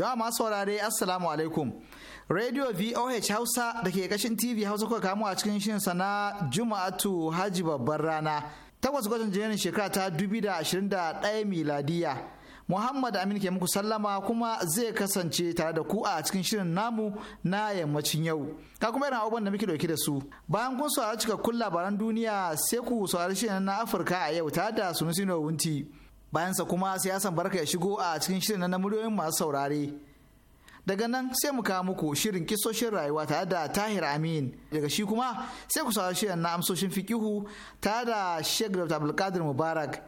Jama'a masu saurare Assalamu alaikum. Radio VOH Hausa da ke kashin TV Hausa kuka kamu a cikin shirin sana Juma'atu Haji babbar rana. Takwas gwajin jinin shekara ta 2021 miladiya. Muhammad Amin ke muku sallama kuma zai kasance tare da ku a cikin shirin namu na yammacin yau. Ka kuma irin abubuwan da muke dauke da su. Bayan kun saurari cikakkun labaran duniya sai ku saurari shirin na Afirka a yau tare da Sunusi Wunti. bayansa kuma siyasan barka ya shigo a cikin shirin na muryoyin masu saurare daga nan sai mu kawo muku shirin kisoshin rayuwa tare da tahir amin daga shi kuma sai ku saurari shirin na amsoshin fikihu tare da sheikh dr abdulkadir mubarak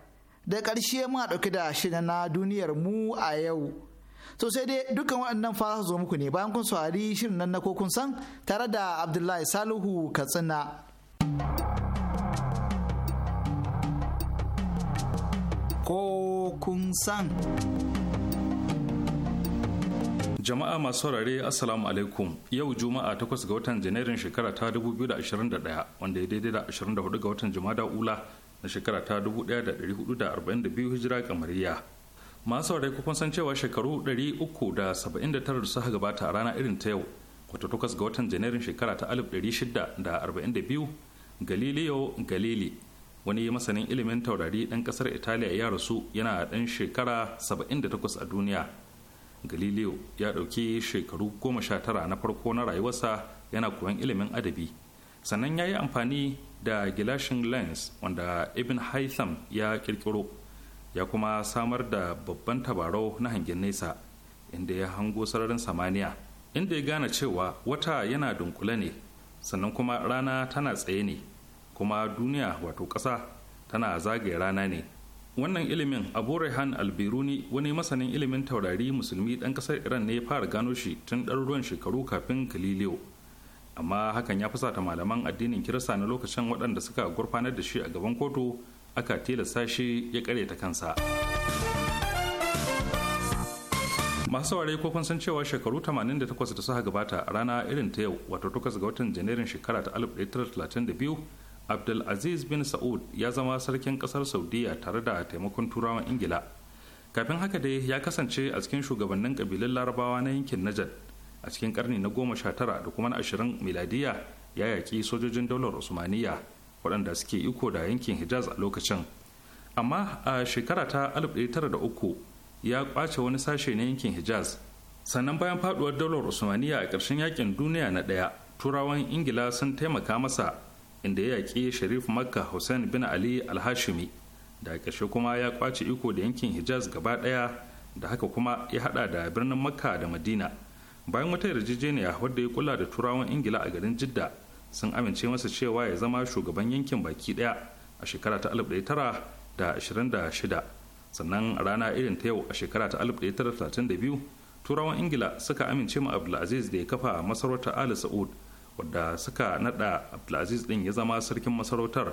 da ƙarshe muna dauke da shirin na duniyar mu a yau to sai dai dukkan waɗannan fara zo muku ne bayan kun saurari shirin nan na kokun san tare da abdullahi salihu katsina. ko kun san. Jama'a masu saurare Assalamu alaikum yau Juma'a 8 ga watan Janairun shekara ta 2021 wanda ya daidai da 24 ga watan Jumada Ula na shekara ta 1442 hijira kamariya. Masu saurare kukun san cewa shekaru 379 da suka gabata a rana irin ta yau wata 8 ga watan Janairun shekara ta 1642 Galileo Galili wani masanin ilimin taurari ɗan ƙasar italiya ya rasu yana ɗan shekara 78 a duniya galileo ya ɗauki shekaru 19 na farko na rayuwarsa yana koyon ilimin adabi sannan ya yi amfani da gilashin lens wanda ibn haitham ya ƙirƙiro, ya kuma samar da babban tabarau na hangen nesa inda ya hango sararin samaniya inda ya gane cewa wata yana dunkule ne sannan kuma rana tana tsaye ne kuma duniya wato ƙasa tana zagaye rana ne wannan ilimin abu rehan albiruni wani masanin ilimin taurari musulmi ɗan ƙasar iran ne ya fara gano shi tun ɗaruruwan shekaru kafin galileo amma hakan ya fusata malaman addinin kirista na lokacin waɗanda suka gurfanar da shi a gaban kotu aka tilasta shi ya ta kansa masu saurari ko kun san cewa shekaru 88 da suka gabata a rana irin ta yau wato 8 ga watan janairun shekara ta 1932 abdulaziz bin sa'ud ya zama sarkin kasar saudiya tare da taimakon turawan ingila kafin haka dai ya kasance a cikin shugabannin kabilun larabawa na yankin najad a cikin karni na goma sha tara da kuma na ashirin miladiya ya yaki sojojin daular usmaniya waɗanda suke iko da yankin hijaz a lokacin amma a shekara ta da uku ya ƙwace wani sashe na yankin hijaz sannan bayan faduwar daular usmaniya a ƙarshen yakin duniya na ɗaya turawan ingila sun taimaka masa inda ya yaƙi sharif makka hussein bin ali alhashimi da ƙarshe kuma ya kwace iko da yankin hijaz gaba ɗaya da haka kuma ya haɗa da birnin makka da madina bayan wata yarjejeniya wadda ya kula da turawan ingila a garin jidda sun amince masa cewa ya zama shugaban yankin baki ɗaya a shekara ta 1926 sannan rana irin ta yau a shekara ta 1932 turawan ingila suka amince ma abdulaziz da ya kafa masarautar ali sa'ud wadda suka nada abdulaziz din ya zama sarkin masarautar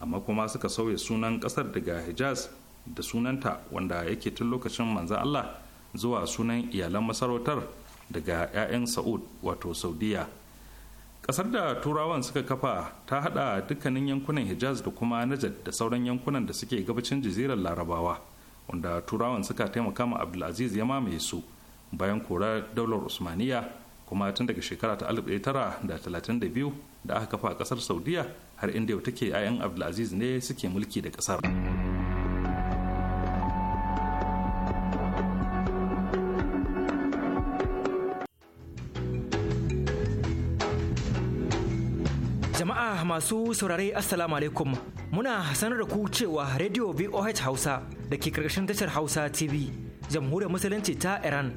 amma kuma suka sauya sunan kasar daga hijaz da sunanta wanda yake tun lokacin manzan allah zuwa sunan iyalan masarautar daga 'ya'yan sa'ud wato saudiya kasar da turawan suka kafa ta hada dukkanin yankunan hijaz da kuma najad da sauran yankunan da suke gabacin jazirar larabawa wanda turawan suka taimaka ma abdulaziz ya mamaye su bayan korar daular usmaniya kuma tun daga shekara ta 1932 da aka kafa a kasar saudiya har inda yau take 'ya'yan abdulaziz ne suke mulki da kasar jama'a masu saurare assalamu alaikum muna sanar da ku cewa radio voh hausa da ke karkashin tashar hausa tv jamhuriyar musulunci ta iran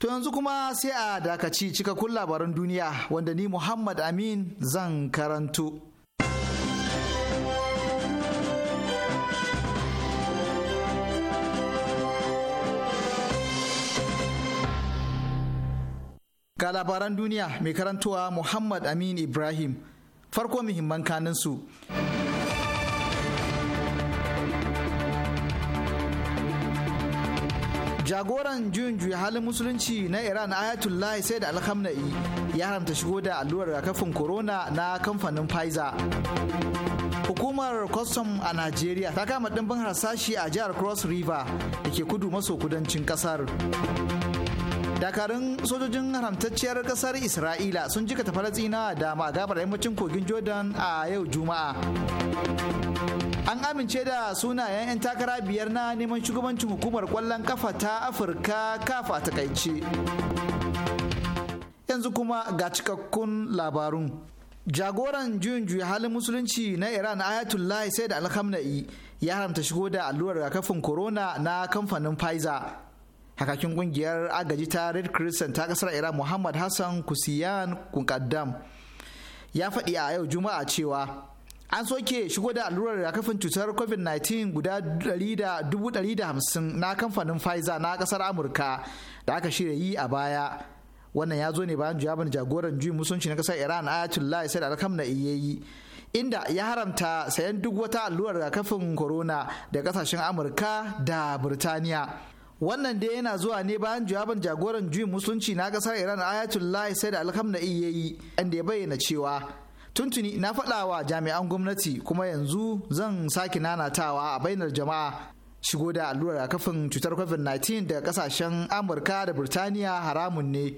To yanzu kuma sai a dakaci cikakkun labaran duniya wanda ni Muhammad Amin zan karanto. Ga labaran duniya mai karantowa Muhammad Amin Ibrahim farko muhimman kaninsu. su. jagoran juyin juya halin musulunci na iran ayatollah sai da alhamna'i ya haramta shigo da allurar rigakafin corona na kamfanin pfizer hukumar kwastam a nigeria ta kama dimbin harsashi a jihar cross river da ke kudu maso kudancin kasar dakarun sojojin haramtacciyar kasar isra'ila sun jika ta da magabar yammacin kogin jordan a yau juma'a an amince da sunayen 'yan takara biyar na neman shugabancin hukumar kwallon kafa ta afirka kafa a takaice yanzu kuma ga cikakkun labarun jagoran juyin juya halin musulunci na iran ayatollah sai da alhamna'i ya haramta shigo da allurar rigakafin corona na kamfanin pfizer hakakin kungiyar agaji ta red crescent ta kasar iran muhammad hassan kusiyan kunkaddam ya faɗi a yau juma'a cewa an soke shigo da allurar rigakafin cutar covid-19 guda 150 na kamfanin pfizer na kasar amurka da aka shirya yi a baya wannan ya zo ne bayan jawabin jagoran juyin musulunci na kasar iran ayatollah da alkam na iyayi inda ya haramta sayan duk wata allurar rigakafin corona da kasashen amurka da birtaniya wannan dai yana zuwa ne bayan jawabin jagoran juyin musulunci na kasar iran ayatollah da alkam na iyayi inda ya bayyana cewa tuntuni na faɗa wa jami'an gwamnati kuma yanzu zan sake nanatawa a bainar jama'a shigo da allurar kafin cutar covid-19 daga kasashen amurka da birtaniya haramun ne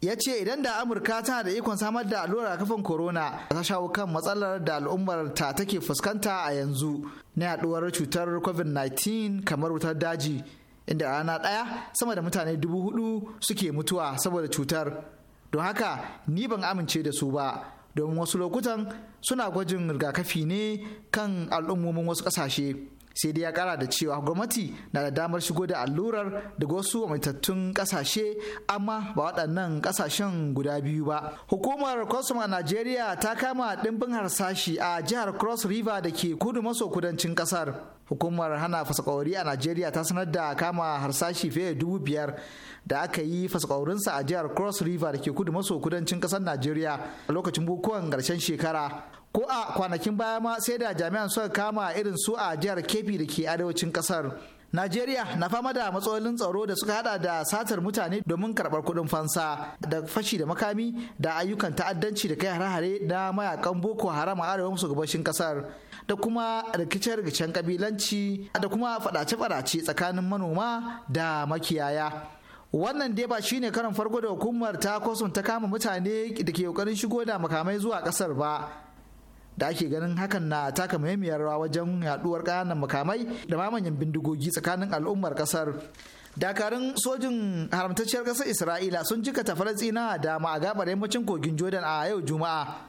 ya ce idan da amurka tana da ikon samar da allurar kafin corona ta shawo kan matsalar da al'ummar ta take fuskanta a yanzu na yaduwar cutar covid-19 kamar wutar daji inda rana ɗaya sama da mutane dubu hudu suke mutuwa saboda cutar don haka ni ban amince da su ba domin wasu lokutan suna gwajin rigakafi ne kan al'ummomin wasu ƙasashe sai dai ya kara da cewa gwamnati na da damar shigo da allurar daga wasu amintattun kasashe amma ba waɗannan kasashen guda biyu ba hukumar kwastam a najeriya ta kama ɗimbin harsashi a jihar cross river da ke kudu maso kudancin ƙasar hukumar hana fasakwauri a najeriya ta sanar da kama harsashi fiye dubu biyar da aka yi fasakwaurinsa a jihar cross river da ke kudu maso kudancin ƙasar najeriya a lokacin bukuwan ƙarshen shekara ko a kwanakin baya ma sai da jami'an suka kama irin su a jihar kefi da ke arewacin kasar Najeriya na fama da matsalolin tsaro da suka hada da satar mutane domin karbar kuɗin fansa da fashi da makami da ayyukan ta'addanci da kai hare-hare na mayakan Boko Haram a arewa maso gabashin kasar da kuma rikice-rikicen kabilanci da kuma faɗace-faɗace tsakanin manoma da makiyaya. wannan dai ba shine karan farko da hukumar ta kosun ta kama mutane da ke kokarin shigo da makamai zuwa kasar ba da ake ganin hakan na taka muhimmiyar rawa wajen yaduwar kananan makamai da mamanyan bindigogi tsakanin al'ummar ƙasar. dakarun sojin haramtacciyar kasar isra'ila sun jikata falastina dama a gabar yammacin kogin jordan a yau juma'a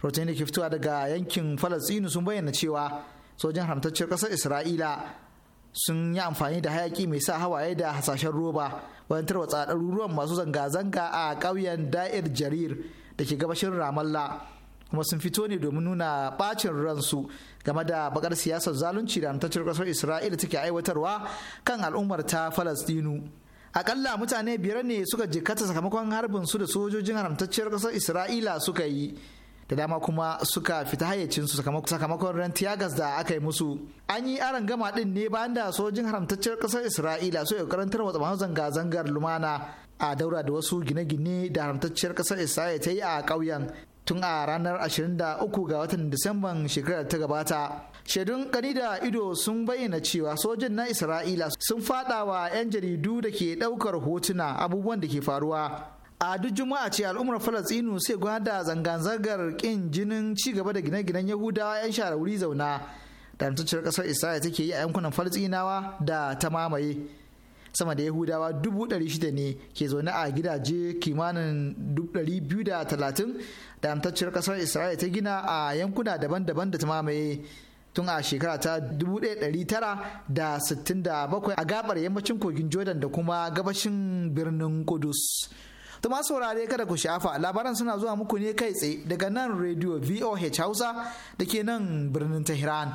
rotun kiftuwa daga yankin falastinu sun bayyana cewa sojin haramtacciyar kasar isra'ila sun yi amfani da hayaki mai sa hawaye da hasashen roba wajen tarwatsa ɗaruruwan masu zanga-zanga a ƙauyen da'ir jarir da ke gabashin ramallah kuma sun fito ne domin nuna bacin ransu game da bakar siyasar zalunci da amtacciyar kasar isra'ila take aiwatarwa kan al'ummar ta falastinu akalla mutane biyar ne suka jikata sakamakon harbin su da sojojin haramtacciyar kasar isra'ila suka yi da dama kuma suka fita hayyacinsu sakamakon ran tiyagas da aka yi musu an yi aron gama din ne bayan da sojin haramtacciyar kasar isra'ila su yi karantar wa zanga-zangar lumana a daura da wasu gine-gine da haramtacciyar kasar isra'ila ta yi a ƙauyen tun a ranar 23 ga watan Disamban shekarar ta gabata. Shaidun kani da ido sun bayyana cewa sojin na Isra'ila sun fada wa 'yan jaridu da ke ɗaukar hotuna abubuwan da ke faruwa. A duk juma'a ce al'ummar Falastinu sai gwada zanga-zangar ƙin jinin ci gaba da gine-ginen Yahudawa 'yan shara wuri zauna. Da ƙasar Isra'ila take yi a yankunan Falasinawa da ta mamaye. sama da yahudawa dubu ɗari shida ne ke zaune a gidaje kimanin ɗari biyu da talatin da amtacciyar ƙasar isra'ila ta gina a yankuna daban-daban da ta mamaye tun a shekara ta 1967 a gabar yammacin kogin jordan da kuma gabashin birnin kudus to masu saurare kada ku shafa labaran suna zuwa muku ne kai tsaye daga nan radio voh hausa da ke nan birnin tehran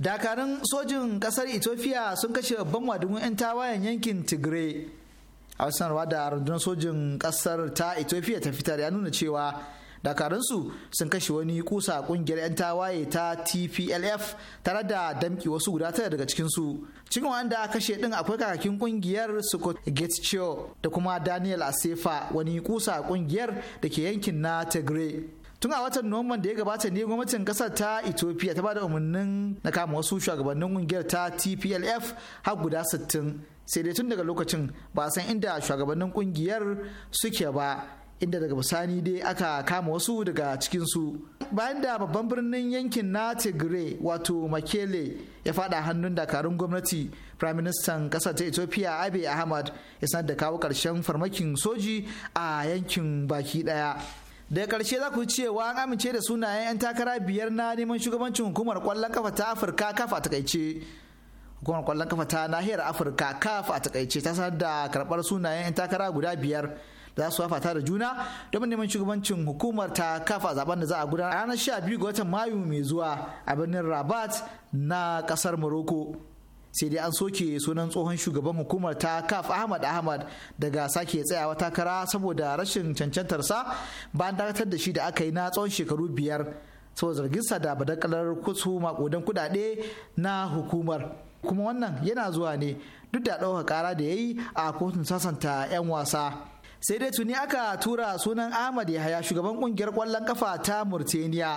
dakarun sojin kasar ethiopia sun kashe babban wadumin 'yan tawayen yankin tigray a sanarwa da rundunar sojin kasar ta ethiopia ta fitar ya nuna cewa dakarunsu sun kashe wani kusa kungiyar 'yan tawaye ta tplf tare da damki wasu guda tara daga cikinsu cikin wanda kashe din akwai kakakin kungiyar scott getchio da kuma daniel asefa wani kusa kungiyar da ke yankin na tigray tun a watan nuwamban da ya gabata ne gwamnatin kasar ta ethiopia ta bada umarnin na kama wasu shugabannin kungiyar ta tplf har guda 60 sai dai tun daga lokacin ba san inda shugabannin kungiyar suke ba inda daga bisani dai aka kama wasu daga cikinsu bayan da babban birnin yankin na tigray wato makele ya fada hannun dakarun gwamnati prime minister kasar ta ethiopia abe ahmad ya sanar da kawo karshen farmakin soji a yankin baki daya daga karshe za ku yi cewa an amince da sunayen 'yan takara biyar na neman shugabancin hukumar kwallon kafa ta afirka kafa takaice hukumar kwallon kafa ta nahiyar afirka kafa a takaice ta sanar da karbar sunayen 'yan takara guda biyar da za su fafata da juna don neman shugabancin hukumar ta kafa zaben da za a gudanar a ranar 12 ga watan mayu mai zuwa a birnin rabat na kasar morocco sai dai an soke sunan tsohon shugaban hukumar ta kaf ahmad ahmad daga sake tsayawa takara saboda rashin cancantarsa bayan dakatar da shi da aka yi na tsawon shekaru biyar saboda sa da badakalar kusu makudan kudade na hukumar kuma wannan yana zuwa ne duk da dauka kara da ya yi a kotun sasanta 'yan wasa sai dai tuni aka tura sunan ahmad yahaya shugaban kungiyar kwallon kafa ta murtaniya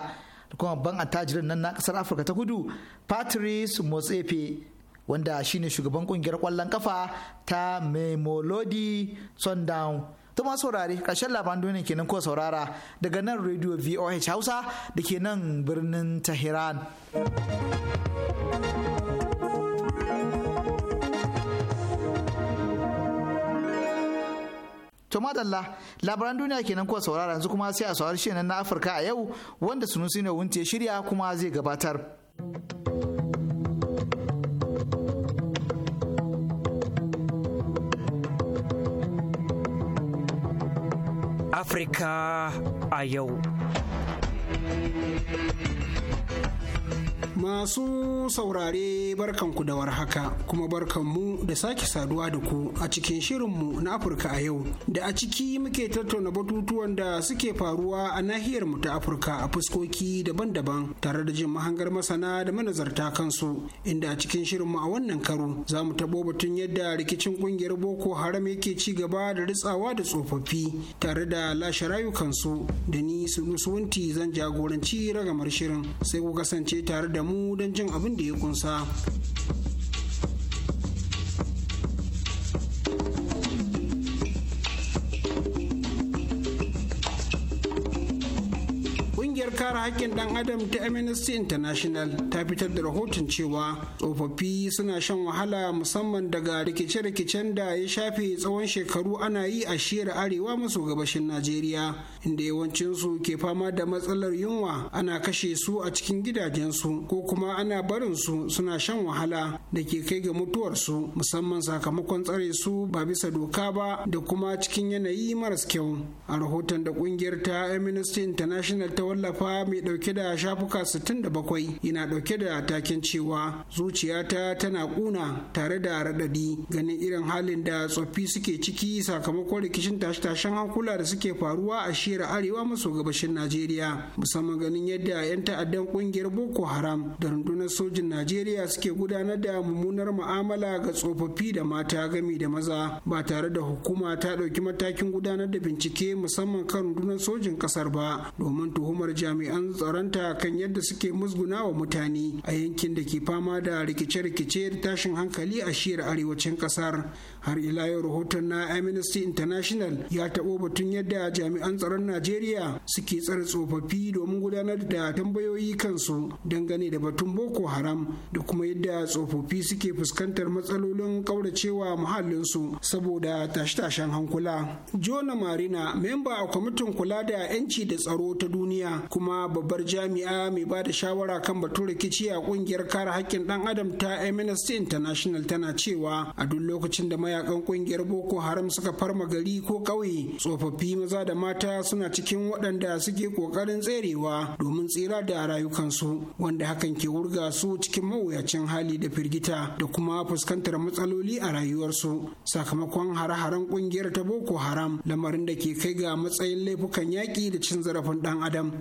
da kuma babban attajirin nan na kasar afirka ta kudu patrice motsepe wanda shine shugaban kungiyar kwallon kafa ta Memolodi Sundown. Tuma saurare ƙarshen labaran duniya kenan ko saurara daga nan Radio VOH Hausa da ke nan birnin Tehran. To madalla labaran duniya kenan ko saurara yanzu kuma sai a saurari shi na Afirka a yau wanda Sunusi ne wunce shirya kuma zai gabatar. Afrika a yau. Masu saurare barkanku da warhaka kuma barkanmu da sake saduwa da ku a cikin shirinmu na Afirka a yau da a ciki muke tattauna batutuwan da suke faruwa a nahiyar mu ta Afirka a fuskoki daban-daban tare da jin mahangar masana da manazarta kansu inda a cikin shirinmu a wannan karo za mu tabo batun yadda rikicin kungiyar Boko Haram yake ci gaba da ritsawa da tsofaffi tare da lashe rayukansu da ni Sunusuwanti zan jagoranci ragamar shirin sai ku kasance tare da mu mu don jin abin da ya kunsa. haƙƙin dan adam ta amnesty international ta fitar da rahoton cewa tsofaffi suna shan wahala musamman daga rikice-rikicen da ya shafe tsawon shekaru ana yi a shiyar arewa maso gabashin najeriya inda yawancinsu ke fama da matsalar yunwa ana kashe su a cikin gidajensu ko kuma ana barin su suna shan wahala da ke kai ga mutuwarsu musamman sakamakon tsare su ba bisa doka ba da kuma cikin yanayi maras kyau a rahoton da kungiyar ta amnesty international ta wallafa mai mai dauke da shafuka 67 yana dauke da taken cewa zuciyata tana kuna tare da radadi ganin irin halin da tsoffi suke ciki sakamakon rikicin tashe-tashen hankula da suke faruwa a shiyar arewa maso gabashin Najeriya musamman ganin yadda 'yan ta'addan kungiyar Boko Haram da rundunar sojin Najeriya suke gudanar da mummunar mu'amala ga tsofaffi da mata gami da maza ba tare da hukuma ta dauki matakin gudanar da bincike musamman kan rundunar sojin kasar ba domin tuhumar jami'an dakarun tsaronta kan yadda suke musguna wa mutane a yankin da ke fama da rikice-rikice da tashin hankali a shiyar arewacin kasar har ila yau rahoton na amnesty international ya taɓo batun yadda jami'an tsaron najeriya suke tsare tsofaffi domin gudanar da tambayoyi kansu dangane da batun boko haram da kuma yadda tsofaffi suke fuskantar matsalolin kauracewa muhallinsu saboda tashe-tashen hankula jona marina memba a kwamitin kula da 'yanci da tsaro ta duniya kuma babbar jami'a mai ba da shawara kan batun rikici a kungiyar kare haƙƙin ɗan adam ta amnesty international tana cewa a duk lokacin da mayakan kungiyar boko haram suka farma gari ko ƙauye tsofaffi maza da mata suna cikin waɗanda suke ƙoƙarin tserewa domin tsira da rayukansu wanda hakan ke wurga su cikin mawuyacin hali da firgita da kuma fuskantar matsaloli a rayuwarsu sakamakon hare-haren kungiyar ta boko haram lamarin da ke kai ga matsayin laifukan yaƙi da cin zarafin ɗan adam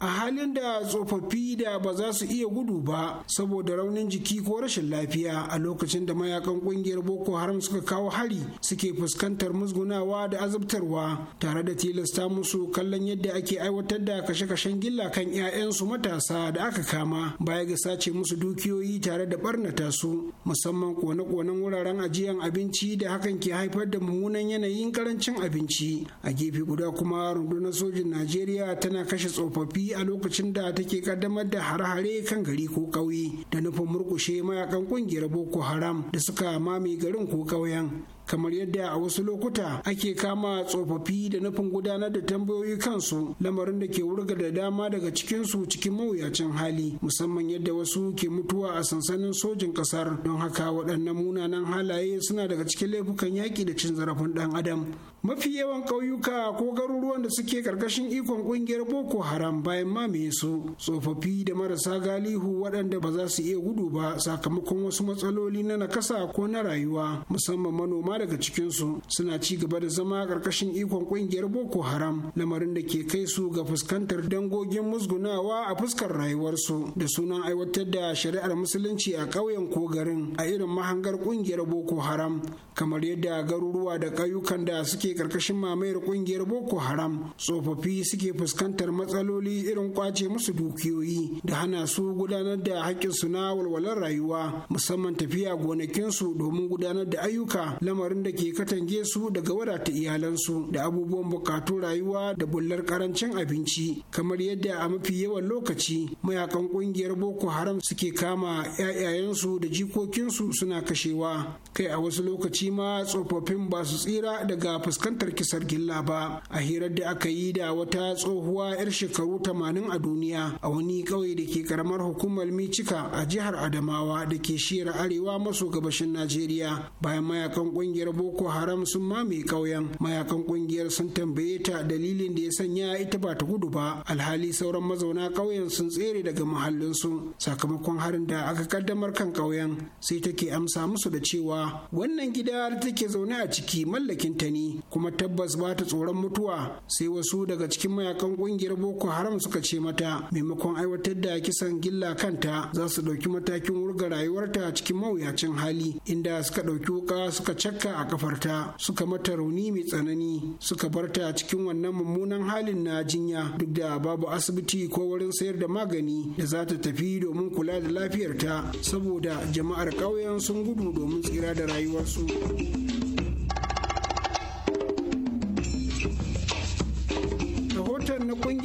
a halin da tsofaffi da ba za su iya gudu ba saboda raunin jiki ko rashin lafiya a lokacin da mayakan kungiyar boko haram suka kawo hari suke fuskantar musgunawa da azabtarwa tare da tilasta musu kallon yadda ake aiwatar da kashe-kashen gilla kan 'ya'yansu matasa da aka kama baya ga sace musu dukiyoyi tare da barnata su musamman kone-konen wuraren ajiyan abinci da hakan ke haifar da mummunan yanayin karancin abinci a gefe guda kuma rundunar sojin najeriya tana kashe tsofaffi yi a lokacin da take kaddamar da hare-hare kan gari ko ƙauye da nufin murkushe mayakan ƙungiyar boko haram da suka mame garin ko ƙauyen kamar yadda a wasu lokuta ake kama tsofaffi da nufin gudanar da tambayoyi kansu lamarin da ke wurga da dama daga cikinsu cikin mawuyacin hali musamman yadda wasu ke mutuwa a sansanin sojin kasar don haka waɗannan munanan halaye suna daga cikin laifukan yaƙi da cin zarafin ɗan adam mafi yawan ƙauyuka ko garuruwan da suke ƙarƙashin ikon ƙungiyar boko haram bayan mamaye su tsofaffi da marasa galihu waɗanda ba za su iya gudu ba sakamakon wasu matsaloli na nakasa ko na rayuwa musamman manoma dama daga cikinsu suna ci gaba da zama ƙarƙashin ikon ƙungiyar boko haram lamarin da ke kai su ga fuskantar dangogin musgunawa a fuskar rayuwarsu da sunan aiwatar da shari'ar musulunci a ƙauyen ko garin a irin mahangar ƙungiyar boko haram kamar yadda garuruwa da ƙauyukan da suke ƙarƙashin mamayar ƙungiyar boko haram tsofaffi suke fuskantar matsaloli irin kwace musu dukiyoyi da hana su gudanar da haƙƙinsu na walwalar rayuwa musamman tafiya gonakinsu domin gudanar da ayyuka lamarin lamarin da ke katange su daga wadata iyalansu da abubuwan bukatu rayuwa da bullar karancin abinci kamar yadda a mafi yawan lokaci mayakan kungiyar boko haram suke kama 'ya'yayensu da jikokinsu suna kashewa kai a wasu lokaci ma tsofaffin ba su tsira daga fuskantar kisar gilla ba a hirar da aka yi da wata tsohuwa 'yar shekaru 80 a duniya a wani ƙauye da ke karamar hukumar micika a jihar adamawa da ke shira arewa maso gabashin najeriya bayan mayakan kungiyar kungiyar boko haram sun mame ƙauyen mayakan kungiyar sun tambaye ta dalilin da ya sanya ita ba ta gudu ba alhali sauran mazauna ƙauyen sun tsere daga muhallin mahallinsu sakamakon harin da aka kaddamar kan ƙauyen sai take amsa musu da cewa wannan gida da take zaune a ciki mallakin ta ne kuma tabbas ba ta tsoron mutuwa sai wasu daga cikin mayakan kungiyar boko haram suka ce mata maimakon aiwatar da kisan gilla kanta za su ɗauki matakin wurga rayuwarta cikin mawuyacin hali inda suka ɗauki wuka suka cakka sarka a kafarta suka mata rauni mai tsanani suka barta cikin wannan mummunan halin na jinya duk da babu asibiti ko wurin sayar da magani da za ta tafi domin kula da lafiyarta saboda jama'ar ƙauyen sun gudu domin tsira da rayuwarsu.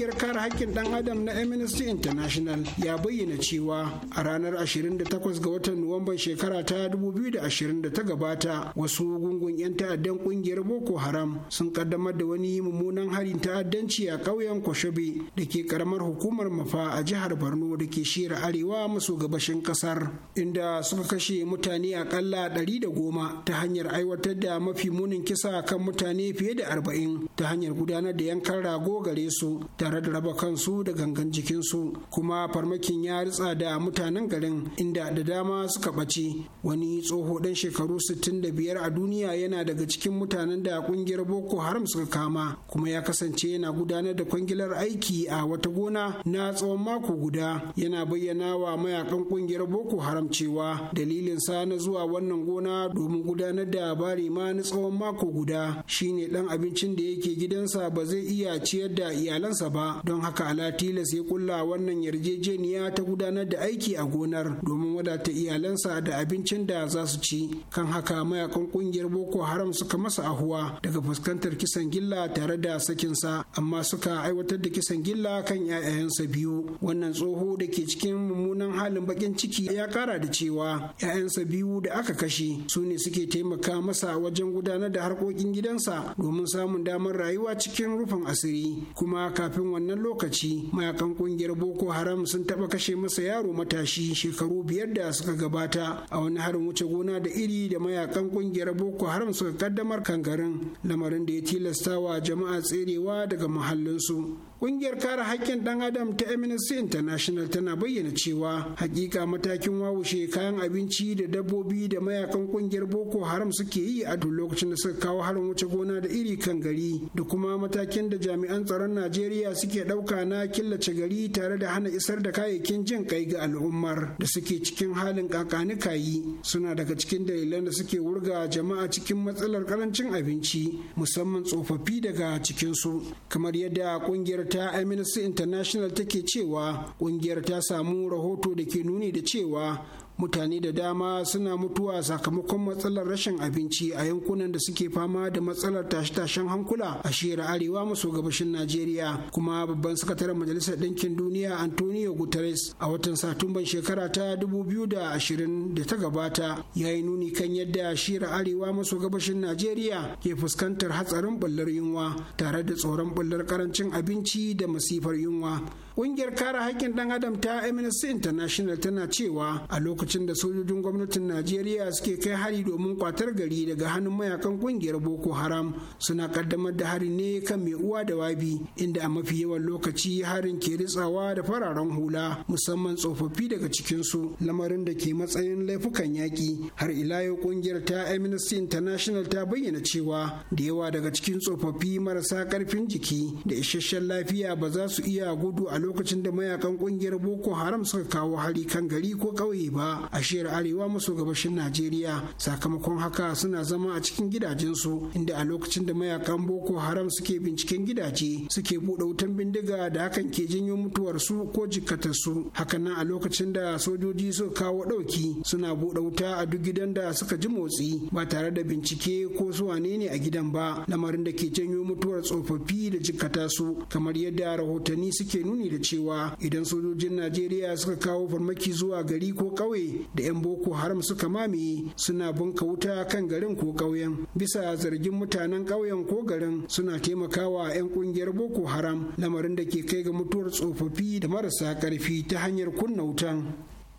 kungiyar kare haƙƙin ɗan adam na amnesty international ya bayyana cewa a ranar 28 ga watan nuwamban shekara ta 2020 ta gabata wasu gungun 'yan ta'addan ƙungiyar boko haram sun kaddamar da wani mummunan harin ta'addanci a ƙauyen kwashobe da ke karamar hukumar mafa a jihar borno da ke shira arewa maso gabashin kasar inda suka kashe mutane akalla 110 ta hanyar aiwatar da mafi munin kisa kan mutane fiye da 40 ta hanyar gudanar da yankan rago gare su tare tare da raba kansu da gangan jikinsu kuma farmakin ya ritsa da mutanen garin inda da dama suka ɓace wani tsoho ɗan shekaru 65 a duniya yana daga cikin mutanen da ƙungiyar boko haram suka kama kuma ya kasance yana gudanar da kwangilar aiki a wata gona na tsawon mako guda yana bayyana wa mayakan ƙungiyar boko haram cewa dalilin sa na zuwa wannan gona domin gudanar da ma na tsawon mako guda shine ɗan abincin da yake gidansa ba zai iya ciyar da iyalansa ba ba don haka ala tilas ya kulla wannan yarjejeniya ta gudanar da aiki a gonar domin wadata iyalansa da abincin da za su ci kan haka mayakan kungiyar boko haram suka masa ahuwa daga fuskantar kisan gilla tare da sakinsa amma suka aiwatar da kisan gilla kan 'ya'yansa biyu wannan tsoho da ke cikin mummunan halin bakin ciki ya kara da cewa 'ya'yansa biyu da aka kashe su ne suke taimaka masa wajen gudanar da harkokin gidansa domin samun damar rayuwa cikin rufin asiri kuma kafin wannan lokaci mayakan kungiyar boko haram sun taɓa kashe masa yaro matashi shekaru biyar da suka gabata a wani harin wuce gona da iri da mayakan kungiyar boko haram suka kaddamar kangarin lamarin da ya wa jama'a tserewa daga muhallinsu Ƙungiyar kare haƙƙin ɗan adam ta Amnesty International tana bayyana cewa hakika matakin wawushe kayan abinci da dabbobi da mayakan ƙungiyar Boko Haram suke yi a duk lokacin da suka kawo harin wuce gona da iri kan gari da kuma matakin da jami'an tsaron Najeriya suke ɗauka na killace gari tare da hana isar da kayayyakin jin kai ga al'ummar da suke cikin halin kakanikayi suna daga cikin dalilan da suke wurga jama'a cikin matsalar karancin abinci musamman tsofaffi daga cikinsu kamar yadda ƙungiyar ta amnesty international take cewa kungiyar ta samu rahoto da ke nuni da cewa mutane da dama suna mutuwa sakamakon matsalar rashin abinci a yankunan da suke fama da matsalar tashe-tashen hankula a shiyar arewa maso gabashin najeriya kuma babban sakataren majalisar ɗinkin duniya antonio guterres a watan satumban shekara ta 2020 da ta gabata ya yi nuni kan yadda shiyar arewa maso gabashin najeriya ke fuskantar hatsarin ɓullar yunwa tare da tsoron ɓullar karancin abinci da masifar yunwa Ƙungiyar kare haƙƙin ɗan adam ta Amnesty International tana cewa a lokacin da sojojin gwamnatin Najeriya suke kai hari domin kwatar gari daga hannun mayakan ƙungiyar Boko Haram suna kaddamar da hari ne kan mai uwa da wabi inda a mafi yawan lokaci harin ke ritsawa da fararen hula musamman tsofaffi daga cikin su lamarin da ke matsayin laifukan yaƙi har ila yau ƙungiyar ta Amnesty International ta bayyana cewa da yawa daga cikin tsofaffi marasa ƙarfin jiki da isasshen lafiya ba za su iya gudu a lokacin da mayakan kungiyar boko haram suka kawo hari kan gari ko ƙauye ba a shiyar arewa maso gabashin najeriya sakamakon haka suna zama a cikin gidajensu inda a lokacin da mayakan boko haram suke binciken gidaje suke buɗe wutan bindiga da hakan ke janyo mutuwarsu ko jikkatarsu hakanan a lokacin da sojoji suka kawo ɗauki suna buɗe wuta a duk gidan da suka ji motsi ba tare da bincike ko su wane ne a gidan ba lamarin da ke janyo mutuwar tsofaffi da jikkata su kamar yadda rahotanni suke nuni da cewa idan sojojin Najeriya suka kawo farmaki zuwa gari ko ƙauye da 'yan Boko Haram suka mamaye suna bunka wuta kan garin ko ƙauyen. Bisa zargin mutanen ƙauyen ko garin suna taimakawa 'yan ƙungiyar Boko Haram lamarin da ke kai ga mutuwar tsofaffi da marasa ƙarfi ta hanyar kunna wutan.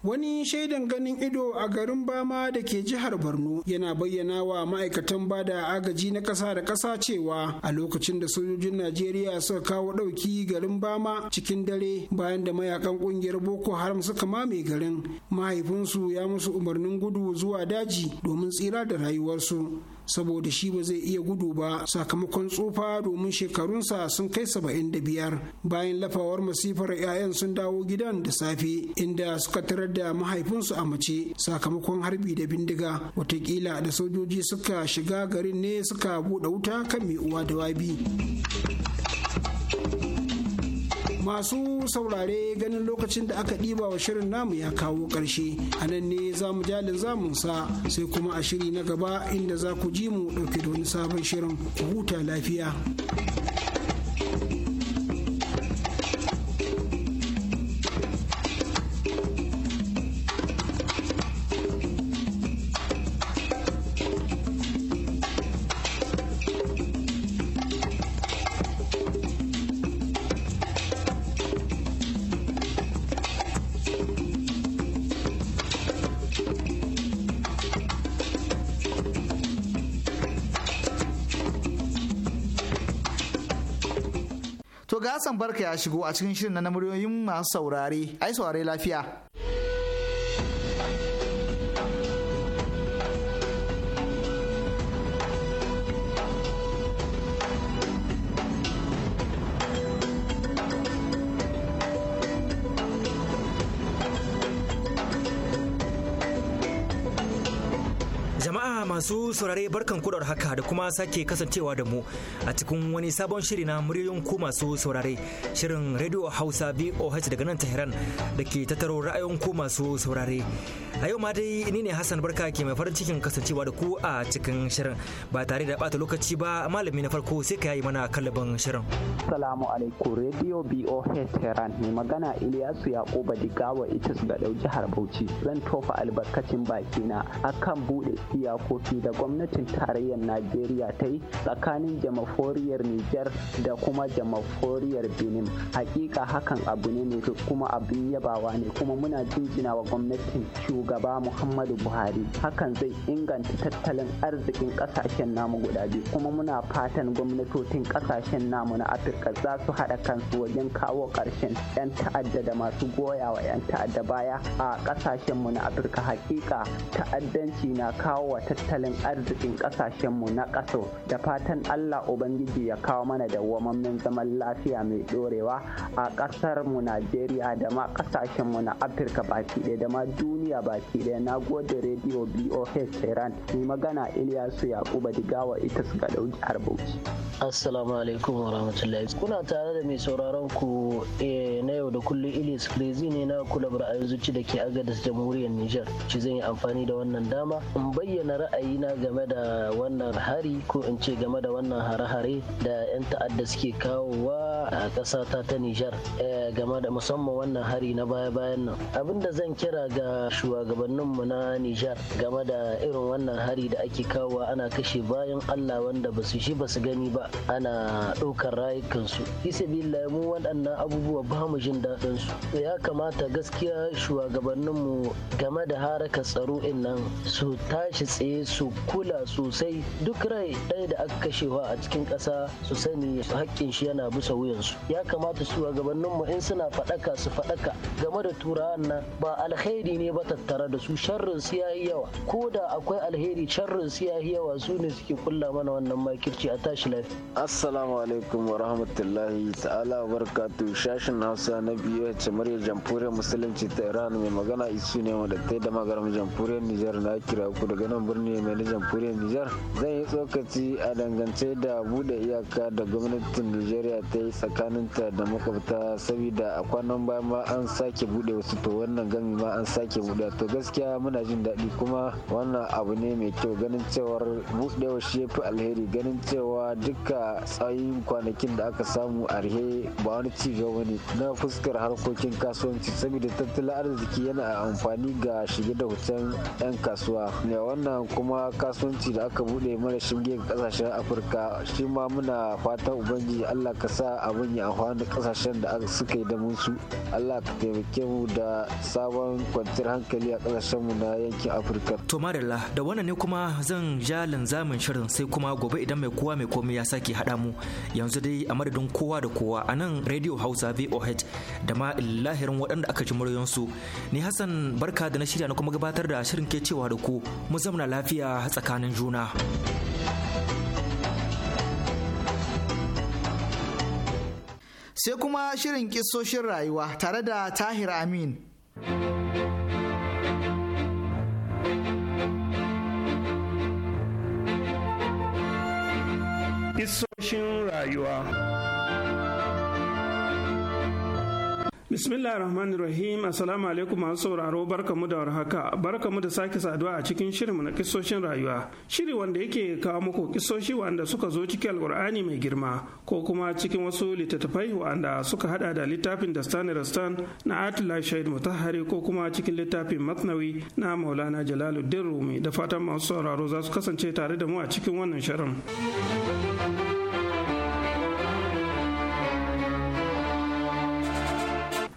Wani shaidan ganin ido a garin Bama da ke jihar Borno yana bayyana wa ma'aikatan bada agaji na ƙasa da ƙasa cewa a lokacin da sojojin Najeriya suka kawo ɗauki garin Bama cikin dare bayan da mayakan ƙungiyar Boko Haram suka mame garin mahaifinsu ya musu umarnin gudu zuwa daji domin tsira da rayuwarsu. saboda shi ba zai iya gudu ba sakamakon tsufa domin shekarunsa sun kai saba'in da biyar bayan lafawar masifar 'ya'yan sun dawo gidan da safe inda suka tarar da mahaifinsu a mace sakamakon harbi da bindiga watakila da sojoji suka shiga garin ne suka buɗe wuta kan mai uwa da wabi. masu saurare ganin lokacin da aka ɗiba wa shirin namu ya kawo ƙarshe a nan ne za mu jalin zamunsa sai kuma a shiri na gaba inda za ku ji mu ɗauke da wani sabon shirin huta lafiya. Hassan Barka ya shigo a cikin shirin na muryoyin masu saurare. Ai saurare lafiya. masu saurare barkan kudar haka da kuma sake kasancewa da mu a cikin wani sabon shiri na muryoyin ku masu saurare shirin Radio Hausa VOH daga nan Tehran da ke tattaro ra'ayoyin ku masu saurare. A yau ma dai ni ne Hassan Barka ke mai farin cikin kasancewa da ku a cikin shirin ba tare da bata lokaci ba malami na farko sai ka yi mana kallabin shirin. Assalamu alaikum Radio BOH Tehran mai magana iliyasu Yakuba Digawa Itis da Dauji Jihar Bauchi zan tofa albarkacin baki na akan bude iyako manufofi da gwamnatin tarayyar najeriya ta yi tsakanin jamaforiyar Nijar da kuma jamaforiyar benin hakika hakan abu ne mai kuma abin yabawa ne kuma muna jinjina wa gwamnatin shugaba muhammadu buhari hakan zai inganta tattalin arzikin kasashen namu guda biyu kuma muna fatan gwamnatocin kasashen namu na afirka za su haɗa kansu wajen kawo ƙarshen 'yan ta'adda da masu goya wa 'yan ta'adda baya a kasashenmu na afirka hakika ta'addanci na kawo wa tattalin tattalin arzikin kasashenmu na kaso da fatan allah ubangiji ya kawo mana dawwamammin zaman lafiya mai dorewa a kasar mu najeriya da ma kasashen mu na afirka baki ɗaya da ma duniya baki ɗaya na gode rediyo boh Iran mai magana iliyasu yakuba digawa ita suka ɗauki harbauci. bauchi assalamu alaikum wa rahmatullahi kuna tare da mai sauraron ku eh, na yau da kullum Ilyas crazy ne na kulabar ra'ayin zuci da ke agadas jamhuriyar niger shi zan yi amfani da wannan dama in bayyana ra'ayi ra'ayina game da wannan hari ko in ce game da wannan hare-hare da 'yan ta'adda suke kawowa a ƙasa ta ta Nijar eh, game da musamman wannan hari na baya-bayan nan. Abin da zan kira ga shugabanninmu na Nijar game da irin wannan hari da ake kawowa ana kashe bayan Allah wanda ba su shi ba su gani ba ana ɗaukar rayukansu. Isabila mu waɗannan abubuwa ba mu jin daɗin su. Ya kamata gaskiya shugabanninmu game da harakar tsaro in nan su tashi tsaye su kula sosai duk rai ɗaya da aka kashewa a cikin ƙasa su sani hakkin shi yana bisa wuyansu ya kamata su a mu in suna faɗaka su faɗaka game da turawan nan ba alheri ne ba tattara da su sharrin su yayi yawa ko da akwai alheri sharrin su yayi yawa su ne suke kulla mana wannan makirci a tashi lafi assalamu alaikum wa rahmatullahi ta'ala wa barakatuh shashin hausa na biyu ya ce murya jamhuriyar musulunci ta iran mai magana isu ne wanda ta da magana jamhuriyar nijar na kira ku daga nan birnin ne mai nijar zan yi tsokaci a dangance da bude iyaka da gwamnatin nijeriya ta yi tsakaninta da makwabta saboda a kwanan baya ma an sake bude wasu to wannan gami ma an sake bude to gaskiya muna jin daɗi kuma wannan abu ne mai kyau ganin cewar buɗewa shi ya fi alheri ganin cewa duka tsayin kwanakin da aka samu a rihe ba wani ci gaba ne na fuskar harkokin kasuwanci saboda tattalin arziki yana amfani ga shige da wucen 'yan kasuwa ne wannan kuma kasuwanci da aka bude mana shinge ga kasashen afirka shi ma muna fatan ubangiji allah ka sa abin ya amfani da kasashen da suka yi da musu allah ka taimake mu da sabon kwanciyar hankali a kasashen mu na yankin afirka to marilla da wannan ne kuma zan ja linzamin shirin sai kuma gobe idan mai kowa mai komai ya sake haɗa mu yanzu dai a madadin kowa da kowa a nan radio hausa voh da ma lahirin waɗanda aka ji muryansu ni hassan barka da na shirya na kuma gabatar da shirin ke cewa da ku mu zamna lafiya lafiya tsakanin juna. Sai kuma shirin kisoshin rayuwa tare da Tahir Amin. Kisoshin rayuwa Bismillah rahman rahim assalamu alaikum masu sauraro barkamu da warhaka barkamu da sake saduwa a cikin shirinmu na kisoshin rayuwa shiri wanda yake kawo muku kisoshi wanda suka zo cikin alkur'ani mai girma ko kuma cikin wasu littattafai wanda suka hada da littafin dastan rastan na atila Shaid mutahari ko kuma cikin littafin matnawi na maulana jalaluddin rumi da fatan masu sauraro za su kasance tare da mu a cikin wannan shirin.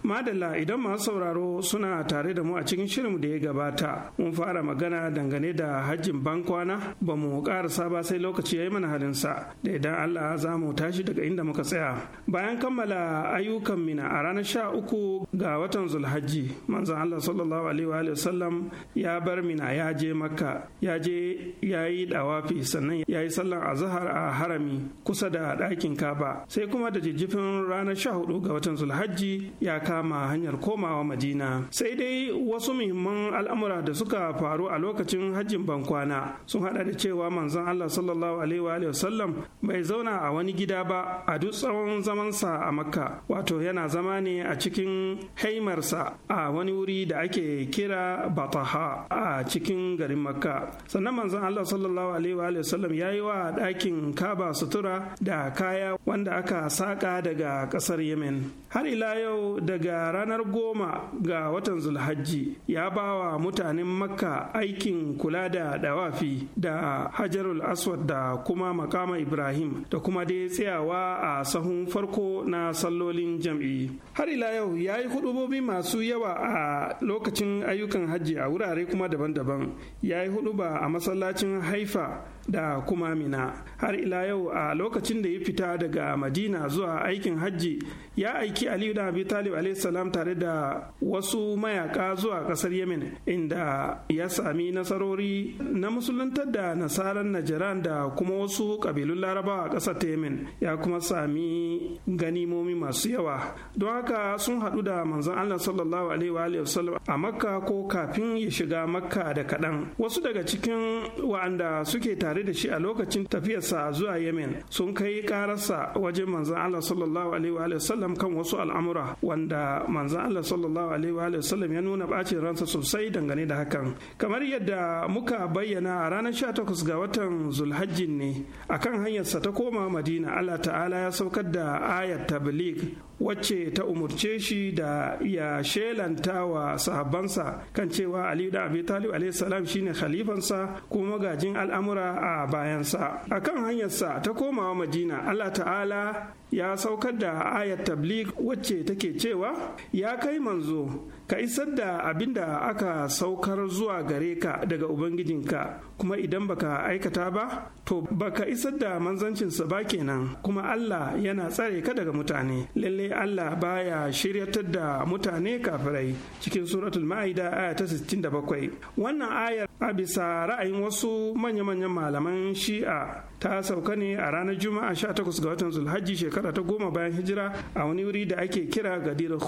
madalla idan masu sauraro suna tare da mu a cikin shirinmu da ya gabata mun fara magana dangane da hajjin bankwana ba mu karasa ba sai lokaci ya yi mana halinsa da idan allah za mu tashi daga inda muka tsaya bayan kammala ayyukan mina a ranar sha uku ga watan zulhajji manzon allah sallallahu alaihi wa sallam ya bar mina ya je makka ya je ya yi dawafi sannan ya yi sallan azahar a harami kusa da ɗakin kaba sai kuma da jijjifin ranar sha hudu ga watan zulhajji ya kama kama hanyar komawa madina sai dai wasu muhimman al'amura da suka faru a lokacin hajjin bankwana sun hada da cewa manzon allah sallallahu alaihi wa sallam bai zauna a wani gida ba a duk tsawon zamansa a makka wato yana zama ne a cikin haimarsa a wani wuri da ake kira bataha a cikin garin makka sannan manzon allah sallallahu alaihi wa sallam ya yi wa ɗakin kaba sutura da kaya wanda aka saƙa daga ƙasar yemen har ila yau daga ga ranar goma ga watan zulhajji ya ba wa mutanen makka aikin kula da dawafi da hajarul aswad da kuma makama ibrahim da kuma dai tsayawa a sahun farko na sallolin jam'i har ila yau ya yi hudubobi masu yawa a lokacin ayyukan hajji a wurare kuma daban-daban ya yi huduba a masallacin haifa da kuma mina har ila yau a lokacin da ya fita daga madina zuwa aikin hajji ya aiki aliyu da abi talib salam tare da wasu mayaka zuwa kasar yemen inda ya sami nasarori na musuluntar da nasaran najiran da kuma wasu kabilun larabawa a kasar ta yemen ya kuma sami ganimomi masu yawa don haka sun haɗu da manzon allah sallallahu alaihi wasallam a makka ko kafin ya shiga makka da kaɗan wasu daga cikin wa'anda suke tare tare da shi a lokacin tafiyarsa a zuwa yemen sun kai kararsa wajen manzan allah sallallahu alaihi wa sallam kan wasu al'amura wanda manzan allah sallallahu alaihi wa sallam ya nuna bacin ransa sosai dangane da hakan kamar yadda muka bayyana a ranar 18 ga watan zulhajjin ne akan hanyarsa ta koma madina allah ta'ala ya saukar da ayat tabligh wacce ta umurce shi da ya shelanta wa sahabbansa kan cewa Ali da Abi Talib salam shine khalifansa ko magajin al'amura a bayansa akan hanyarsa ta komawa Madina Allah ta'ala ya saukar da ayat tabligh wacce take cewa ya kai manzo ka isar da abin da aka saukar zuwa gare ka daga ubangijinka kuma idan baka aikata ba to baka isar da manzancinsa ba kenan kuma Allah yana tsare ka daga mutane lalle Allah baya shiryatar da mutane kafirai cikin suratul ma'ida aya ta 67 wannan ayar a bisa ra'ayin wasu manya-manyan malaman shi'a ta sauka ne a ranar juma'a 18 ga watan zulhajji shekara ta goma bayan hijira a wani wuri da ake kira gadir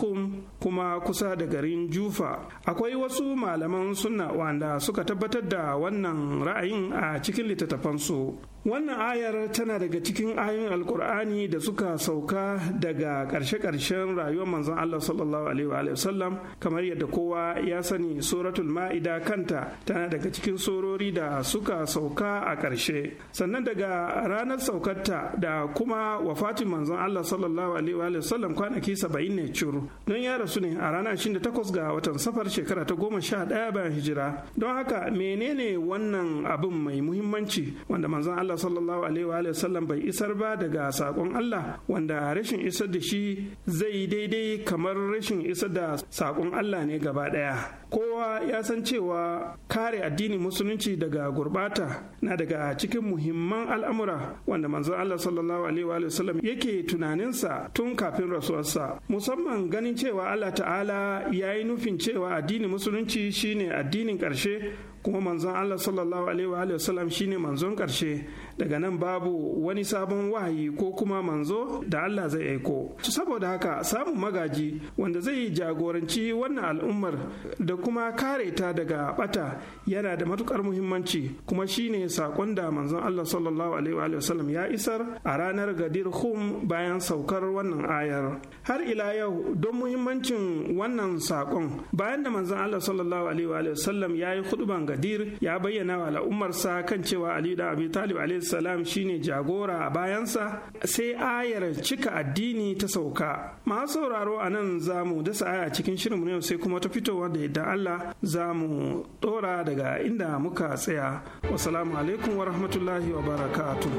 kuma kusa da garin jufa akwai wasu malaman sunna wanda suka tabbatar da wannan ra'ayin a cikin littattafansu wannan ayar tana daga cikin ayoyin alkur'ani da suka sauka daga ƙarshe karshen rayuwar manzon Allah sallallahu alaihi wasallam kamar yadda kowa ya sani suratul ma'ida kanta tana daga cikin surori da suka sauka a karshe sannan daga ranar saukarta da kuma wafatin manzon Allah sallallahu alaihi wasallam kwanaki 70 ne cur don ya rasu ne a ranar 28 ga watan safar shekara ta 11 bayan hijira don haka menene wannan abin mai muhimmanci wanda manzon Allah Allah sallallahu alaihi wa sallam bai isar ba daga sakon Allah wanda rashin isar da shi zai daidai kamar rashin isar da sakon Allah ne gaba daya kowa ya san cewa kare addini musulunci daga gurbata na daga cikin muhimman al'amura wanda manzon Allah sallallahu alaihi wa sallam yake tunaninsa tun kafin rasuwarsa musamman ganin cewa Allah ta'ala ya yi nufin cewa addini musulunci shine addinin ƙarshe kuma manzon Allah sallallahu alaihi wa sallam shine manzon karshe daga nan babu wani sabon wahayi ko kuma manzo da Allah zai aiko saboda haka samun magaji wanda zai jagoranci wannan al'ummar da kuma kare ta daga bata yana da matukar muhimmanci kuma shine sakon da manzon Allah sallallahu alaihi wa ya isar a ranar gadir hum bayan saukar wannan ayar har ila yau don muhimmancin wannan sakon bayan da manzon Allah sallallahu alaihi wa ya yi gadir ya bayyana wa al'ummarsa kan cewa Ali da Abi Talib alaihi salam shine jagora a bayansa sai ayar cika addini ta sauka masu sauraro a nan za mu dasa aya cikin shirin yau sai kuma ta fitowa da yadda Allah za mu dora daga inda muka tsaya wasalamu alaikum wa rahmatullahi wa barakatuh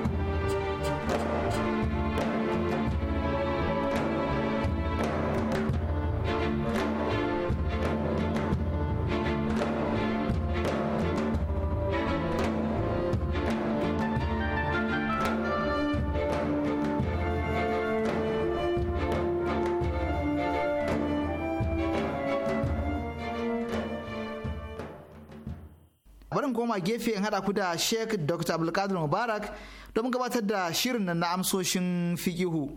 zan koma gefe in haɗa ku da Sheikh Dr. Abdulkadir Mubarak don gabatar da shirin na amsoshin fikihu.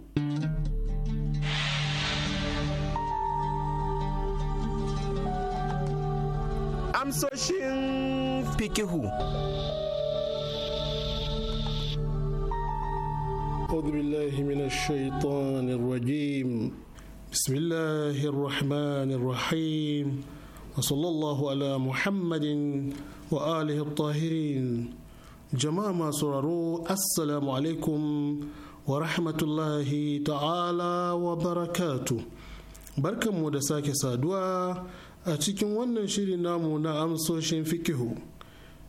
Amsoshin fikihu. أعوذ بالله من الشيطان الرجيم بسم الله الرحمن الرحيم وصلى الله على محمد wa alihi tahirin jama'a masu raro assalamu alaikum wa rahmatullahi ta'ala wa barakatu barkanmu da sake saduwa a cikin wannan shirin namu na amsoshin fikihu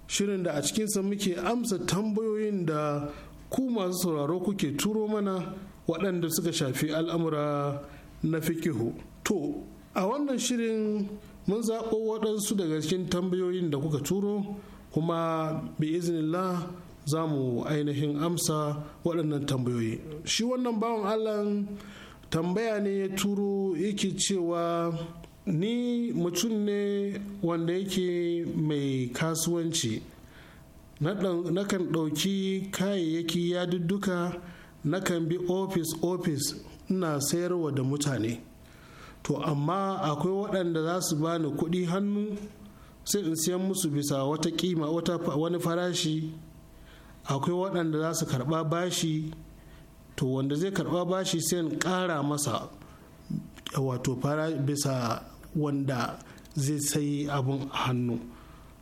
shirin da a cikinsa muke amsa tambayoyin da ku masu sauraro kuke turo mana waɗanda suka shafi al'amura na fikihu to a wannan shirin mun zaɓo waɗansu daga cikin tambayoyin da kuka turo kuma bi iznillah za mu ainihin amsa waɗannan tambayoyi shi wannan bawan allah tambaya ne ya turo yake cewa ni mutum ne wanda yake mai kasuwanci nakan ɗauki kayayyaki ya dudduka nakan bi ofis-ofis ina sayarwa da mutane to amma akwai waɗanda za su bani kuɗi hannu sai in siyan musu bisa wata kima wata wani farashi akwai waɗanda za su karɓa bashi to wanda zai karɓa bashi sai in ƙara masa wato bisa wanda zai sayi abin hannu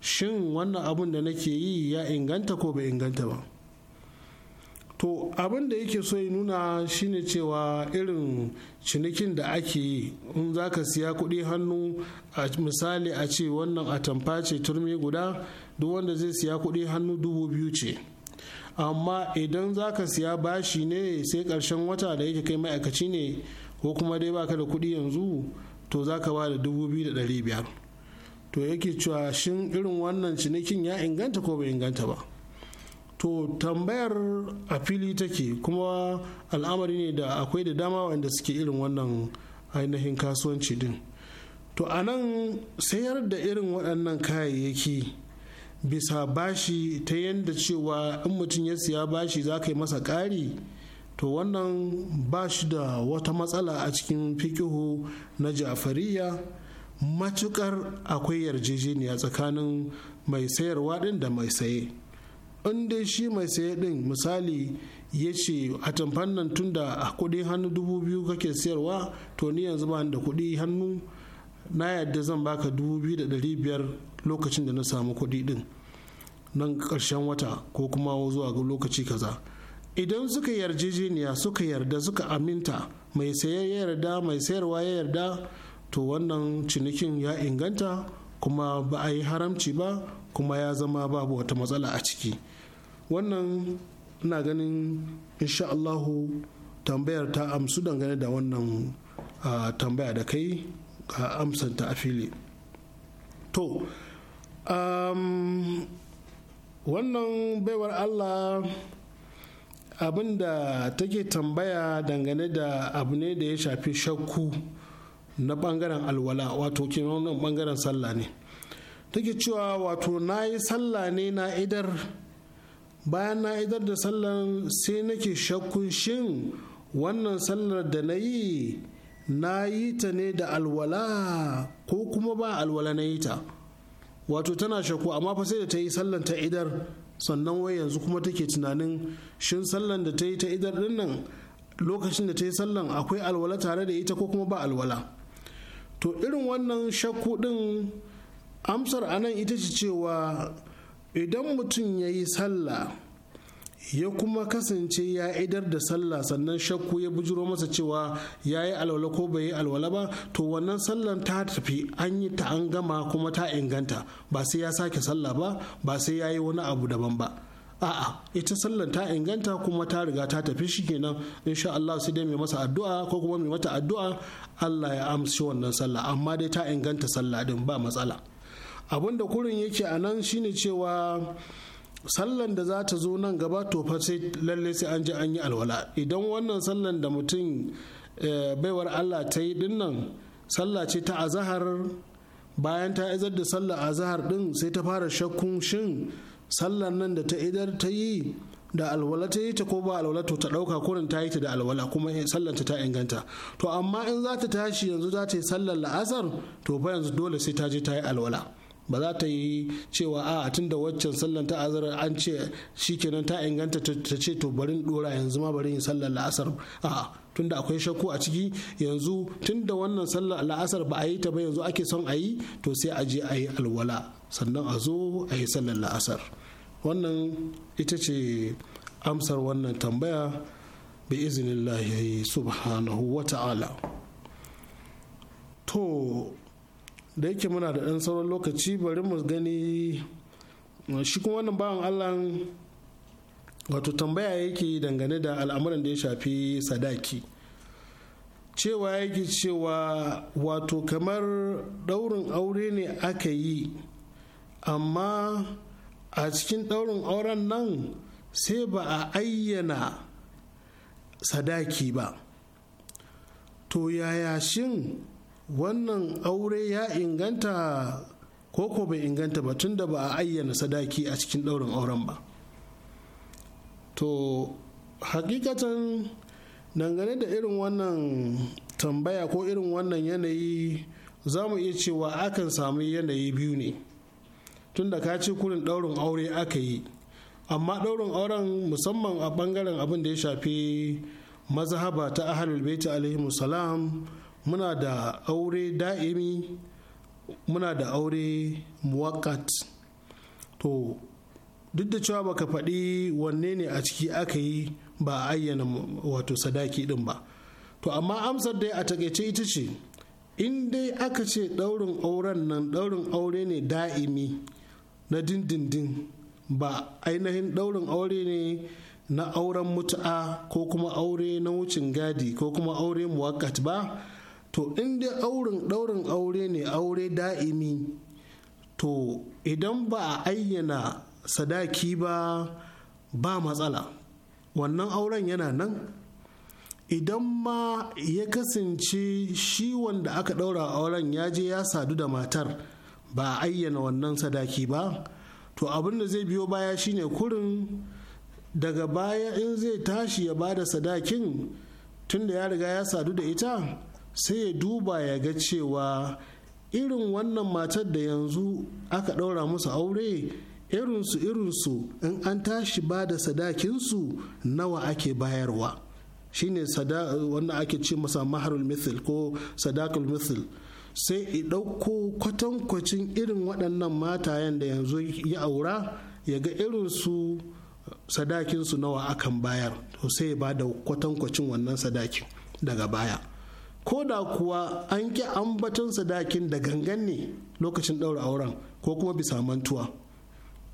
shin wannan abun da nake yi ya inganta ko bai inganta ba to abin da yake so ya nuna shine cewa irin cinikin da ake yi in za ka siya kuɗi hannu a misali a ce wannan atamfa ce turmi guda duk wanda zai siya kuɗi hannu dubu biyu ce amma idan za ka siya bashi ne sai ƙarshen wata da yake kai ma'aikaci ne ko kuma dai baka da kuɗi yanzu to za ka ba da dubu biyu da ɗari biyar to yake cewa shin irin wannan cinikin ya inganta ko bai inganta ba to tambayar a fili take kuma al'amari ne da akwai da dama wanda suke irin wannan ainihin kasuwanci din to a nan sayar da irin waɗannan kayayyaki bisa bashi ta yadda cewa in mutum ya siya bashi za ka yi masa ƙari to wannan ba shi da wata matsala a cikin fikihu na ja'fariya matukar akwai yarjejeniya tsakanin mai sayarwa ɗin da mai saye in dai shi mai saye din misali ya ce a tamfan nan tun da kuɗi hannu dubu biyu kake sayarwa to ni yanzu ba da kudi hannu na yadda zan baka dubu biyu da dari biyar lokacin da na samu kudi din nan karshen wata ko kuma zuwa ga lokaci kaza idan suka yarjejeniya suka yarda suka aminta mai saye ya yarda mai sayarwa ya yarda to wannan cinikin ya inganta kuma ba a yi haramci ba kuma ya zama babu wata matsala a ciki. wannan ina ganin insha Allahu tambayar ta amsu dangane da wannan tambaya da kai a amsanta a fili to wannan baiwar Allah abinda da take tambaya dangane da abu ne da ya shafi shakku na bangaren alwala wato kenan bangaren sallah ne take cewa wato na yi sallah ne na idar bayan na idar da sallar sai nake shakkun shin wannan sallar da na yi na yi ta ne da alwala ko kuma ba alwala na yi ta wato tana shakku amma fa sai da ta yi sallar ta idar sannan wai yanzu kuma take tunanin shin sallar da ta yi ta idar din lokacin da ta yi sallar akwai alwala tare da ita ko kuma ba alwala to irin wannan shakku din amsar anan ita ce cewa idan mutum ya yi sallah ya kuma kasance ya idar da sallah sannan shakku ya bujiro masa cewa ya yi alwala ko bai yi alwala ba to wannan sallan ta tafi an yi ta an gama kuma ta inganta ba sai ya sake sallah ba ba sai ya yi wani abu daban ba a'a ita sallan ta inganta kuma ta riga ta tafi shikenan insha Allah sai dai mai masa addu'a ko kuma mai mata addu'a Allah ya amshi wannan sallah amma dai ta inganta sallah din ba matsala abin da kurin yake a nan shine cewa sallan da za ta zo nan gaba to fa sai lalle sai an ji an yi alwala idan wannan sallan da mutum eh, baiwar Allah ta yi dinnan sallah ce ta azahar bayan ta izar da sallar azahar din sai ta fara shakkun shin sallan nan da ta idar ta yi da alwala ta yi ta ko ba alwala to ta dauka kurin ta yi ta da alwala kuma sallan ta inganta to amma in za ta tashi yanzu za ta yi sallar la'azar, to fa yanzu dole sai ta je ta yi alwala ba za ta yi cewa a tun da waccan sallan ta azara an ce shikenan ta inganta ta ce to barin dora yanzu ma barin sallar la'asar a tun da akwai shakku a ciki yanzu tun da wannan sallar la'asar ba a yi ta ba yanzu ake son a yi to sai a je a yi alwala sannan a zo a yi sallar la'asar wannan ita ce amsar wannan tambaya bi izinillahi subhanahu wa ta'ala to da yake muna da ɗan sauran lokaci bari mu gani shi kuma wannan bawan allah wato tambaya yake dangane da al'amuran da ya shafi sadaki cewa yake cewa wato kamar ɗaurin aure ne aka yi amma a cikin ɗaurin auren nan sai ba a ayyana sadaki ba to yaya shin wannan aure ya inganta ko ko bai inganta ba tun da ba a ayyana sadaki a cikin ɗaurin auren ba to hakikatan dangane da irin wannan tambaya ko irin wannan yanayi za mu iya cewa akan samu yanayi biyu ne tun da ka ce kurin ɗaurin aure aka yi amma ɗaurin auren musamman a ɓangaren abin da ya shafi mazhaba ta ahalul baiti alaihi salam muna da aure da'imi muna da aure muwakat to duk da cewa baka faɗi wanne ne a ciki aka yi ba a ayyana wato sadaki din ba to amma amsar dai a takaice ita ce in dai aka ce ɗaurin auren nan ɗaurin aure ne da'imi na dindindin ba ainihin ɗaurin aure ne na auren mutu'a ko kuma aure na wucin gadi ko kuma aure muwakat ba to in dai auren ɗaurin aure ne aure da'imi to idan ba a ayyana sadaki ba ba matsala wannan auren yana nan idan ma ya kasance shi wanda aka ɗaura auren ya je ya sadu da matar ba a ayyana wannan sadaki ba to abin da zai biyo baya shine kurin daga baya in zai tashi ya bada da sadakin da ya riga ya sadu da ita sai ya duba ya ga cewa irin wannan matar da yanzu aka ɗaura musu aure irinsu irinsu in an tashi ba da sadakinsu nawa ake bayarwa shine wanda ake ce masa maharul mithil ko sadakul mithil sai i ɗauko kwatankwacin irin waɗannan matayen da yanzu ya aura ya ga irinsu sadakinsu nawa akan bayar to sai ya ba da kwatankwacin wannan sadakin daga baya ko da kuwa an ƙi ambaton sadakin da gangan ne lokacin ɗaura auren ko kuma bisa mantuwa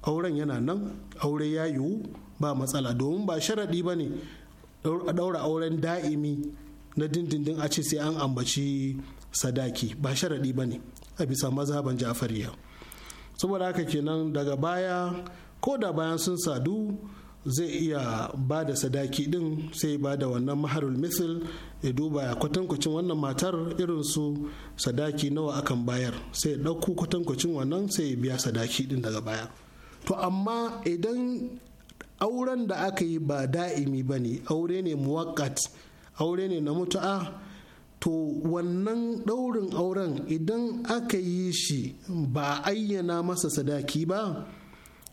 auren yana nan aure ya yiwu ba matsala domin ba sharaɗi ba ne ɗaura auren da'imi na dindindin a ce sai an ambaci sadaki ba sharaɗi ba ne a bisa mazhaban ja'fariya saboda haka kenan daga baya ko da bayan sun sadu zai iya ba da sadaki din sai ba da wannan maharul misil ya duba ya kwatankwacin wannan matar irin su sadaki nawa akan bayar sai ya ɗauko kwatankwacin wannan sai ya biya sadaki din daga baya to amma idan auren da aka yi ba da'imi ba ne aure ne muwakkat aure ne na mutu'a to wannan ɗaurin auren idan aka yi shi ba ayyana masa sadaki ba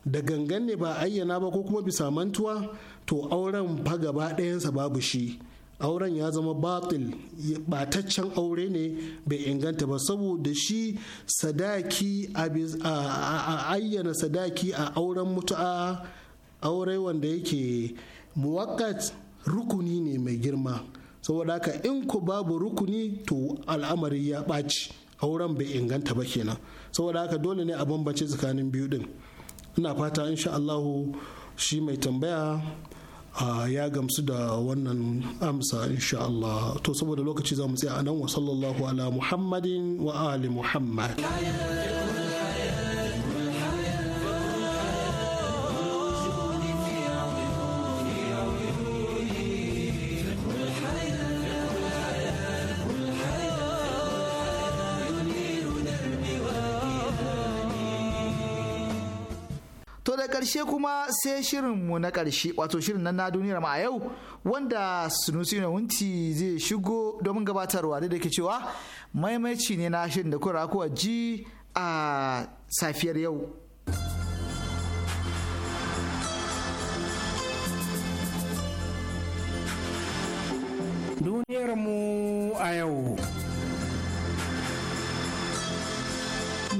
da gangan ne ba ayyana ba ko kuma bisa mantuwa to auren fa gaba ɗayansa babu shi auren ya zama batil bataccen aure ne bai inganta ba saboda shi sadaki a ayyana sadaki a auren mutu'a aure wanda yake muwakkat rukuni ne mai girma saboda haka in ku babu rukuni to al'amari ya ɓaci auren bai inganta ba kenan saboda haka dole ne a bambance tsakanin biyu din ina fata insha Allahu shi mai tambaya ya gamsu da wannan amsa insha Allah to saboda lokaci za mu tsaya a nan wa sallallahu ala muhammadin wa ali muhammad ƙarshe kuma sai shirin mu na ƙarshe wato shirin nan na duniyar ma a yau wanda sunusi na wunti zai shigo domin gabatarwa da ke cewa maimaci ne na shirin da kura kuwa ji a safiyar yau. Duniyarmu a yau.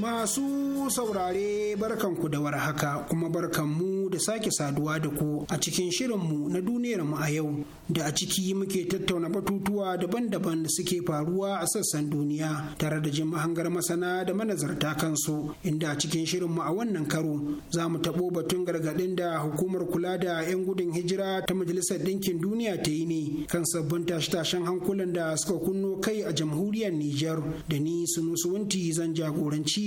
Masu saurare barkanku da warhaka kuma barkanmu da sake saduwa da ku a cikin shirinmu na duniyar mu a yau da a ciki muke tattauna batutuwa daban-daban da suke faruwa a sassan duniya tare da jin mahangar masana da manazarta kansu inda a cikin shirinmu a wannan karo za mu taɓo batun gargaɗin da hukumar kula da 'yan gudun hijira ta majalisar ɗinkin duniya ta yi ne kan sabbin tashe-tashen hankulan da suka kunno kai a jamhuriyar Nijar da ni Sunusuwanti zan jagoranci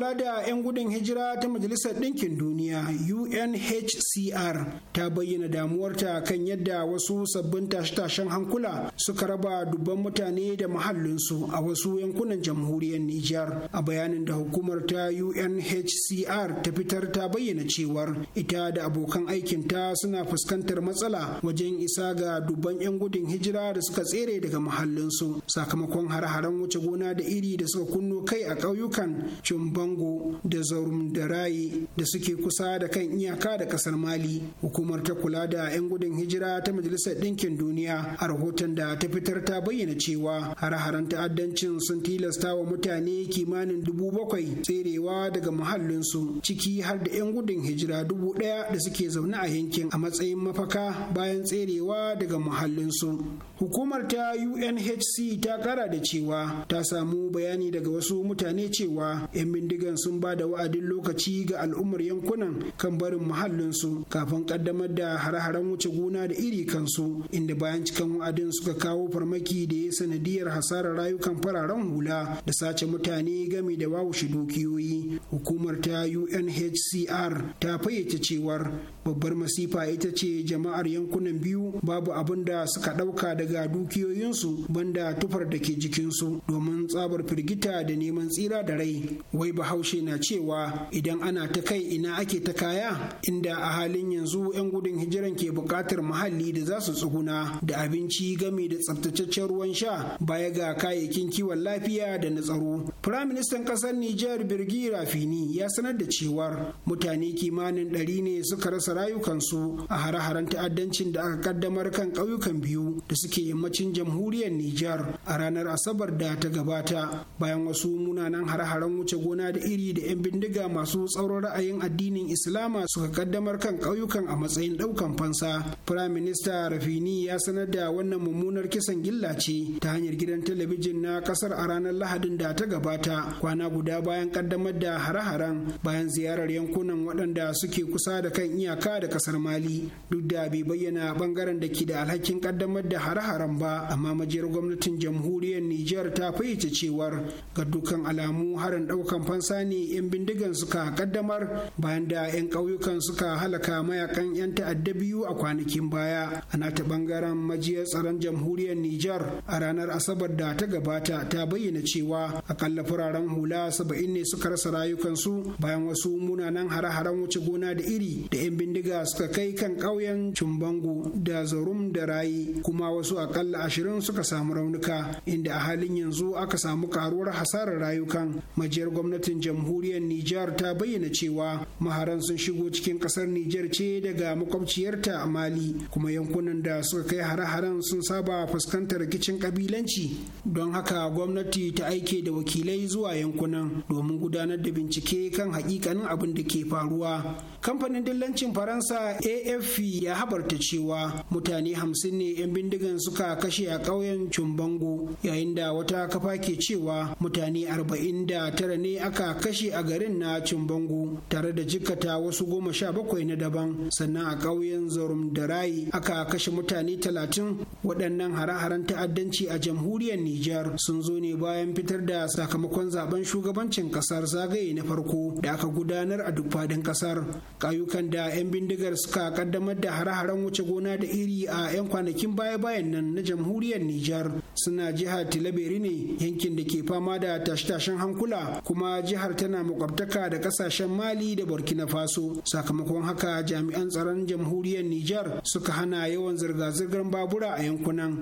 kula da 'yan gudun hijira ta Majalisar Ɗinkin Duniya UNHCR ta bayyana damuwarta kan yadda wasu sabbin tashe-tashen hankula suka raba dubban mutane da mahallinsu a wasu yankunan jamhuriyar Nijar. A bayanin da hukumar ta UNHCR ta fitar ta bayyana cewar ita da abokan aikinta suna fuskantar matsala wajen isa ga dubban 'yan gudun hijira da suka tsere daga mahallinsu sakamakon har haren wuce gona da iri da suka kunno kai a ƙauyukan Cumban Bango da Zaurum da Raye da suke kusa da kan iyaka da kasar Mali. Hukumar ta kula da 'yan gudun hijira ta Majalisar Ɗinkin Duniya a rahoton da ta fitar ta bayyana cewa hare-haren ta'addancin sun tilasta wa mutane kimanin dubu bakwai tserewa daga muhallinsu ciki har da 'yan gudun hijira dubu ɗaya da suke zaune a yankin a matsayin mafaka bayan tserewa daga muhallinsu. Hukumar ta UNHC ta kara da cewa ta samu bayani daga wasu mutane cewa 'yan bindiga Reagan sun ba da wa'adin lokaci ga al'ummar yankunan kan barin muhallinsu kafin kaddamar da hare-haren wuce gona da iri kansu inda bayan cikan wa'adin suka kawo farmaki da ya sanadiyar hasarar rayukan fararen hula da sace mutane game da wawushe dukiyoyi hukumar ta unhcr ta fayyace cewar babbar masifa ita ce jama'ar yankunan biyu babu abin da suka ɗauka daga dukiyoyinsu banda tufar da ke jikinsu domin tsabar firgita da neman tsira da rai wai bahaushe na cewa idan ana ta kai ina ake ta kaya inda a halin yanzu 'yan gudun hijiran ke buƙatar muhalli da za su tsuguna da abinci game da tsaftataccen ruwan sha baya ga kayayyakin kiwon lafiya da na tsaro firaministan ƙasar nijar birgi rafini ya sanar da cewar mutane kimanin ɗari ne suka rasa rasa rayukansu a hare-haren ta'addancin da aka kaddamar kan ƙauyukan biyu da suke yammacin jamhuriyar Nijar a ranar Asabar da ta gabata bayan wasu munanan hare-haren wuce gona da iri da 'yan bindiga masu tsauron ra'ayin addinin Islama suka kaddamar kan ƙauyukan a matsayin ɗaukan fansa. Prime Minista Rafini ya sanar da wannan mummunar kisan gilla ce ta hanyar gidan talabijin na ƙasar a ranar Lahadin da ta gabata kwana guda bayan kaddamar da hare-haren bayan ziyarar yankunan waɗanda suke kusa da kan iyaka iyaka da kasar mali duk da bai bayyana bangaren da ke da alhakin kaddamar da hare-haren ba amma majiyar gwamnatin jamhuriyar Nijar ta fayyace cewar ga dukkan alamu harin daukan fansa ne 'yan bindigan suka kaddamar bayan da 'yan ƙauyukan suka halaka mayakan 'yan ta'adda biyu a kwanakin baya ana ta bangaren majiyar tsaron jamhuriyar Nijar a ranar asabar da ta gabata ta bayyana cewa akalla furaren hula saba'in ne suka rasa rayukansu bayan wasu munanan hare-haren wuce gona da iri da 'yan bindigan bindiga suka kai kan ƙauyen Cumbangu da Zarum da Rayi kuma wasu akalla ashirin suka samu raunuka inda a halin yanzu aka samu karuwar hasarar rayukan majiyar gwamnatin jamhuriyar Nijar ta bayyana cewa maharan sun shigo cikin ƙasar Nijar ce daga makwabciyarta Mali kuma yankunan da suka kai hare-haren sun saba fuskantar rikicin kabilanci don haka gwamnati ta aike da wakilai zuwa yankunan domin gudanar da bincike kan hakikanin abin da ke faruwa kamfanin dillancin faransa afp ya habarta cewa mutane hamsin ne 'yan bindigan suka kashe a ƙauyen cumbango yayin da wata kafa ke cewa mutane arba'in da tara ne aka kashe a garin na cumbango tare da jikkata wasu goma sha bakwai na daban sannan a ƙauyen zorum da rai aka kashe mutane talatin waɗannan hare-haren ta'addanci a jamhuriyar nijar sun zo ne bayan fitar da sakamakon zaben shugabancin ƙasar zagaye na farko da aka gudanar a duk faɗin ƙasar kayukan da 'yan bindigar suka kaddamar da hare-haren wuce gona da iri a 'yan kwanakin baya-bayan nan na jamhuriyar Nijar suna jihar Tilaberi ne yankin da ke fama da tashe-tashen hankula kuma jihar tana makwabtaka da kasashen Mali da Burkina Faso sakamakon haka jami'an tsaron jamhuriyar Nijar suka hana yawan zirga-zirgar babura a yankunan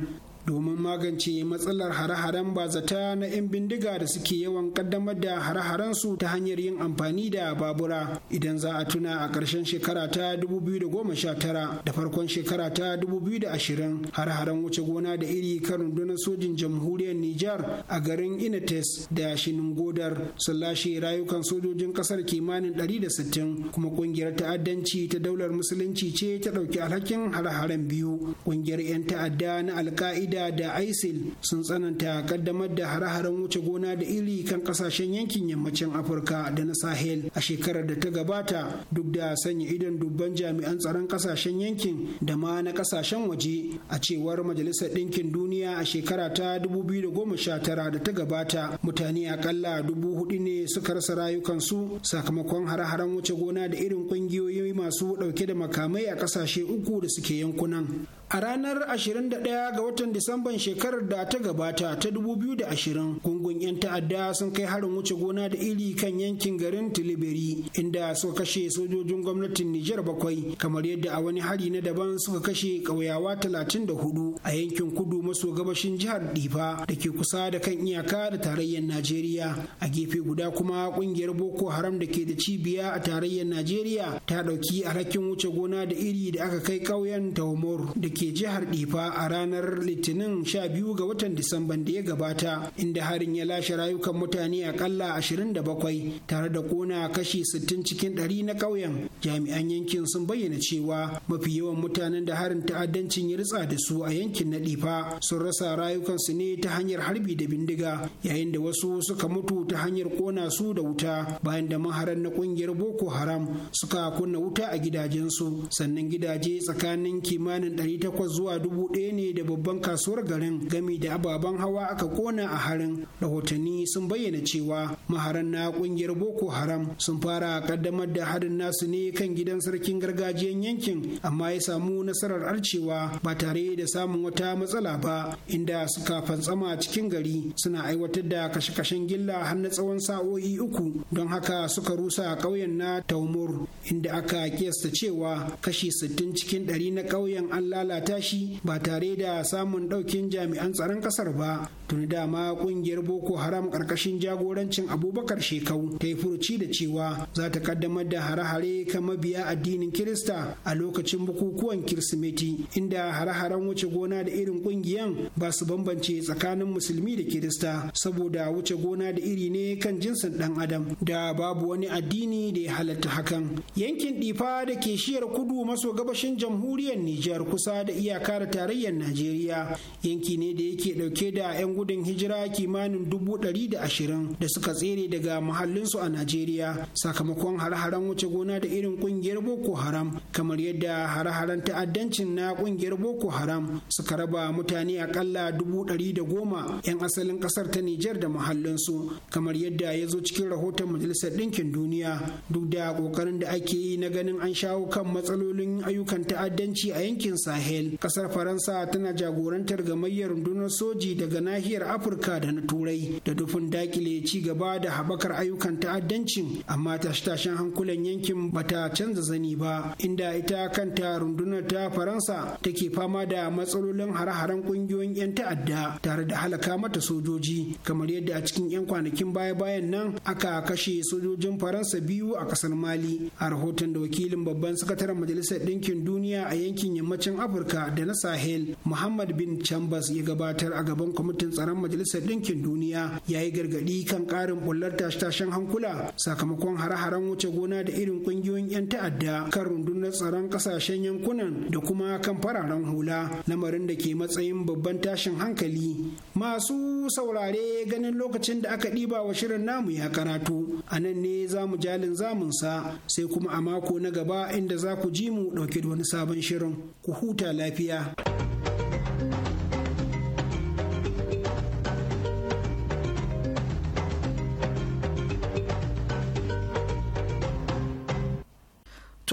domin magance matsalar hare-haren bazata na 'yan bindiga da suke yawan kaddamar da hare-haren su ta hanyar yin amfani da babura idan za a tuna a ƙarshen shekara ta 2019 da farkon shekara ta 2020 hare-haren wuce gona da iri kan rundunar sojin jamhuriyar Nijar a garin Inates da Shinin-Godar sun lashe rayukan sojojin ƙasar kimanin 160 kuma ƙungiyar ta'addanci ta daular musulunci ce ta ɗauki alhakin hare-haren biyu ƙungiyar 'yan ta'adda na alka'i alkaida da isil sun tsananta kaddamar da hare-haren wuce gona da iri kan kasashen yankin yammacin afirka da na sahel a shekarar da ta gabata duk da sanya idon dubban jami'an tsaron kasashen yankin da ma na kasashen waje a cewar majalisar ɗinkin duniya a shekara ta 2019 da ta gabata mutane akalla dubu hudu ne suka rasa rayukansu sakamakon hare-haren wuce gona da irin kungiyoyi masu dauke da makamai a kasashe uku da suke yankunan A ranar 21 ga watan Disamban shekarar da ta gabata ta 2020, gungun 'yan ta'adda sun kai harin wuce gona da iri kan yankin garin Tilibiri inda suka kashe sojojin gwamnatin Nijar bakwai kamar yadda a wani hari na daban suka kashe ƙauyawa 34 a yankin kudu maso gabashin jihar Difa da ke kusa da kan iyaka da tarayyar Najeriya. A gefe guda kuma ƙungiyar Boko Haram da ke da cibiya a tarayyar Najeriya ta ɗauki alhakin wuce gona da iri da aka kai ƙauyen Taumor da ke jihar Difa a ranar Litinin 12 ga watan Disamban da ya gabata inda harin ya lashe rayukan mutane akalla 27 tare da kona kashi 60 cikin 100 na ƙauyen. Jami'an yankin sun bayyana cewa mafi yawan mutanen da harin ta'addancin ya ritsa da su a yankin na Difa sun rasa rayukansu ne ta hanyar harbi da bindiga yayin da wasu suka mutu ta hanyar kona su da wuta bayan da maharan na kungiyar Boko Haram suka kunna wuta a gidajensu sannan gidaje tsakanin kimanin takwas zuwa dubu ɗaya ne da babban kasuwar garin gami da ababen hawa aka kona a harin rahotanni sun bayyana cewa maharan na kungiyar boko haram sun fara kaddamar da harin nasu ne kan gidan sarkin gargajiyan yankin amma ya samu nasarar arcewa ba tare da samun wata matsala ba inda suka fantsama cikin gari suna aiwatar da kashe-kashen gilla har na tsawon sa'o'i uku don haka suka rusa ƙauyen na taumur inda aka kiyasta cewa kashi sittin cikin ɗari na ƙauyen an lalata tashi ba tare da samun ɗaukin jami'an tsaron ƙasar ba tuni dama kungiyar boko haram karkashin jagorancin abubakar shekau ta yi furuci da cewa za ta kaddamar da hare-hare kan mabiya addinin kirista a lokacin bukukuwan kirsimeti inda hare-haren wuce gona da irin kungiyan ba su bambance tsakanin musulmi da kirista saboda wuce gona da iri ne kan jinsin dan adam da babu wani addini da ya halatta hakan yankin difa da ke shiyar kudu maso gabashin jamhuriyar nijar kusa da iyaka da tarayyar najeriya yanki ne da yake dauke da 'yan gudun hijira kimanin dubu ɗari da ashirin da suka tsere daga muhallinsu a Najeriya sakamakon hare-haren wuce gona da irin ƙungiyar Boko Haram kamar yadda hare-haren ta'addancin na ƙungiyar Boko Haram suka raba mutane akalla dubu ɗari da goma 'yan asalin ƙasar ta Nijar da muhallinsu kamar yadda ya zo cikin rahoton Majalisar Ɗinkin Duniya duk da ƙoƙarin da ake yi na ganin an shawo kan matsalolin ayyukan ta'addanci a yankin Sahel ƙasar Faransa tana jagorantar gamayyar rundunar soji daga nahiyar nahiyar afirka da na turai da dufin dakile ci gaba da haɓakar ayyukan ta'addancin amma tashe-tashen hankulan yankin bata canza zani ba inda ita kanta rundunar ta faransa take fama da matsalolin hare-haren ƙungiyoyin 'yan ta'adda tare da halaka mata sojoji kamar yadda a cikin 'yan kwanakin baya-bayan nan aka kashe sojojin faransa biyu a ƙasar mali a rahoton da wakilin babban sakataren majalisar ɗinkin duniya a yankin yammacin afirka da na sahel muhammad bin chambers ya gabatar a gaban kwamitin tsaron majalisar ɗinkin duniya ya yi gargaɗi kan ƙarin bullar tashe-tashen hankula sakamakon hare-haren wuce gona da irin ƙungiyoyin 'yan ta'adda kan rundunar tsaron ƙasashen yankunan da kuma kan fararen hula lamarin da ke matsayin babban tashin hankali masu saurare ganin lokacin da aka ɗiba wa shirin namu ya karatu a nan ne za mu jalin sa, sai kuma a mako na gaba inda za ku ji mu ɗauke da wani sabon shirin ku huta lafiya.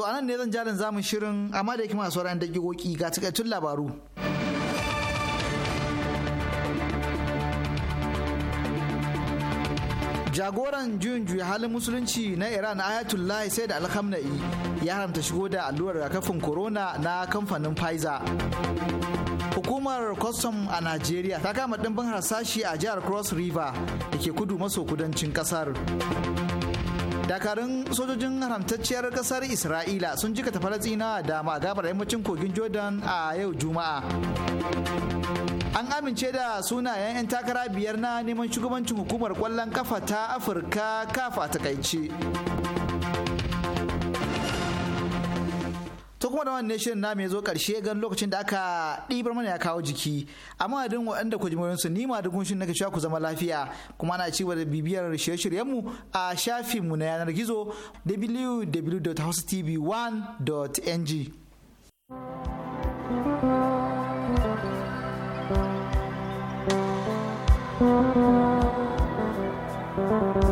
to anan ne zan jarin zamun shirin amma da yake masu da gigoki ga takaitun labaru jagoran juyin juya halin musulunci na iran ayatullahi sai da alhamna'i ya haramta shigo da allurar kafin corona na kamfanin pfizer hukumar custom a najeriya ta kama dimbin harsashi a jihar cross river da ke kudu maso kudancin kasar dakarun sojojin haramtacciyar kasar isra'ila sun ta falasina da magabar yammacin kogin jordan a yau juma'a an amince da sunayen 'yan takara biyar na neman shugabancin hukumar kwallon kafa ta afirka kafa a takaice kuma da wannan shirin na ya zo karshe gan lokacin da aka ɗibar mana ya kawo jiki amma da waɗanda ku jimirin su nima da gunshin nake cewa ku zama lafiya kuma na ci da bibiyar shirye-shiryen mu a shafin mu na yanar gizo www.housetv1.ng thank you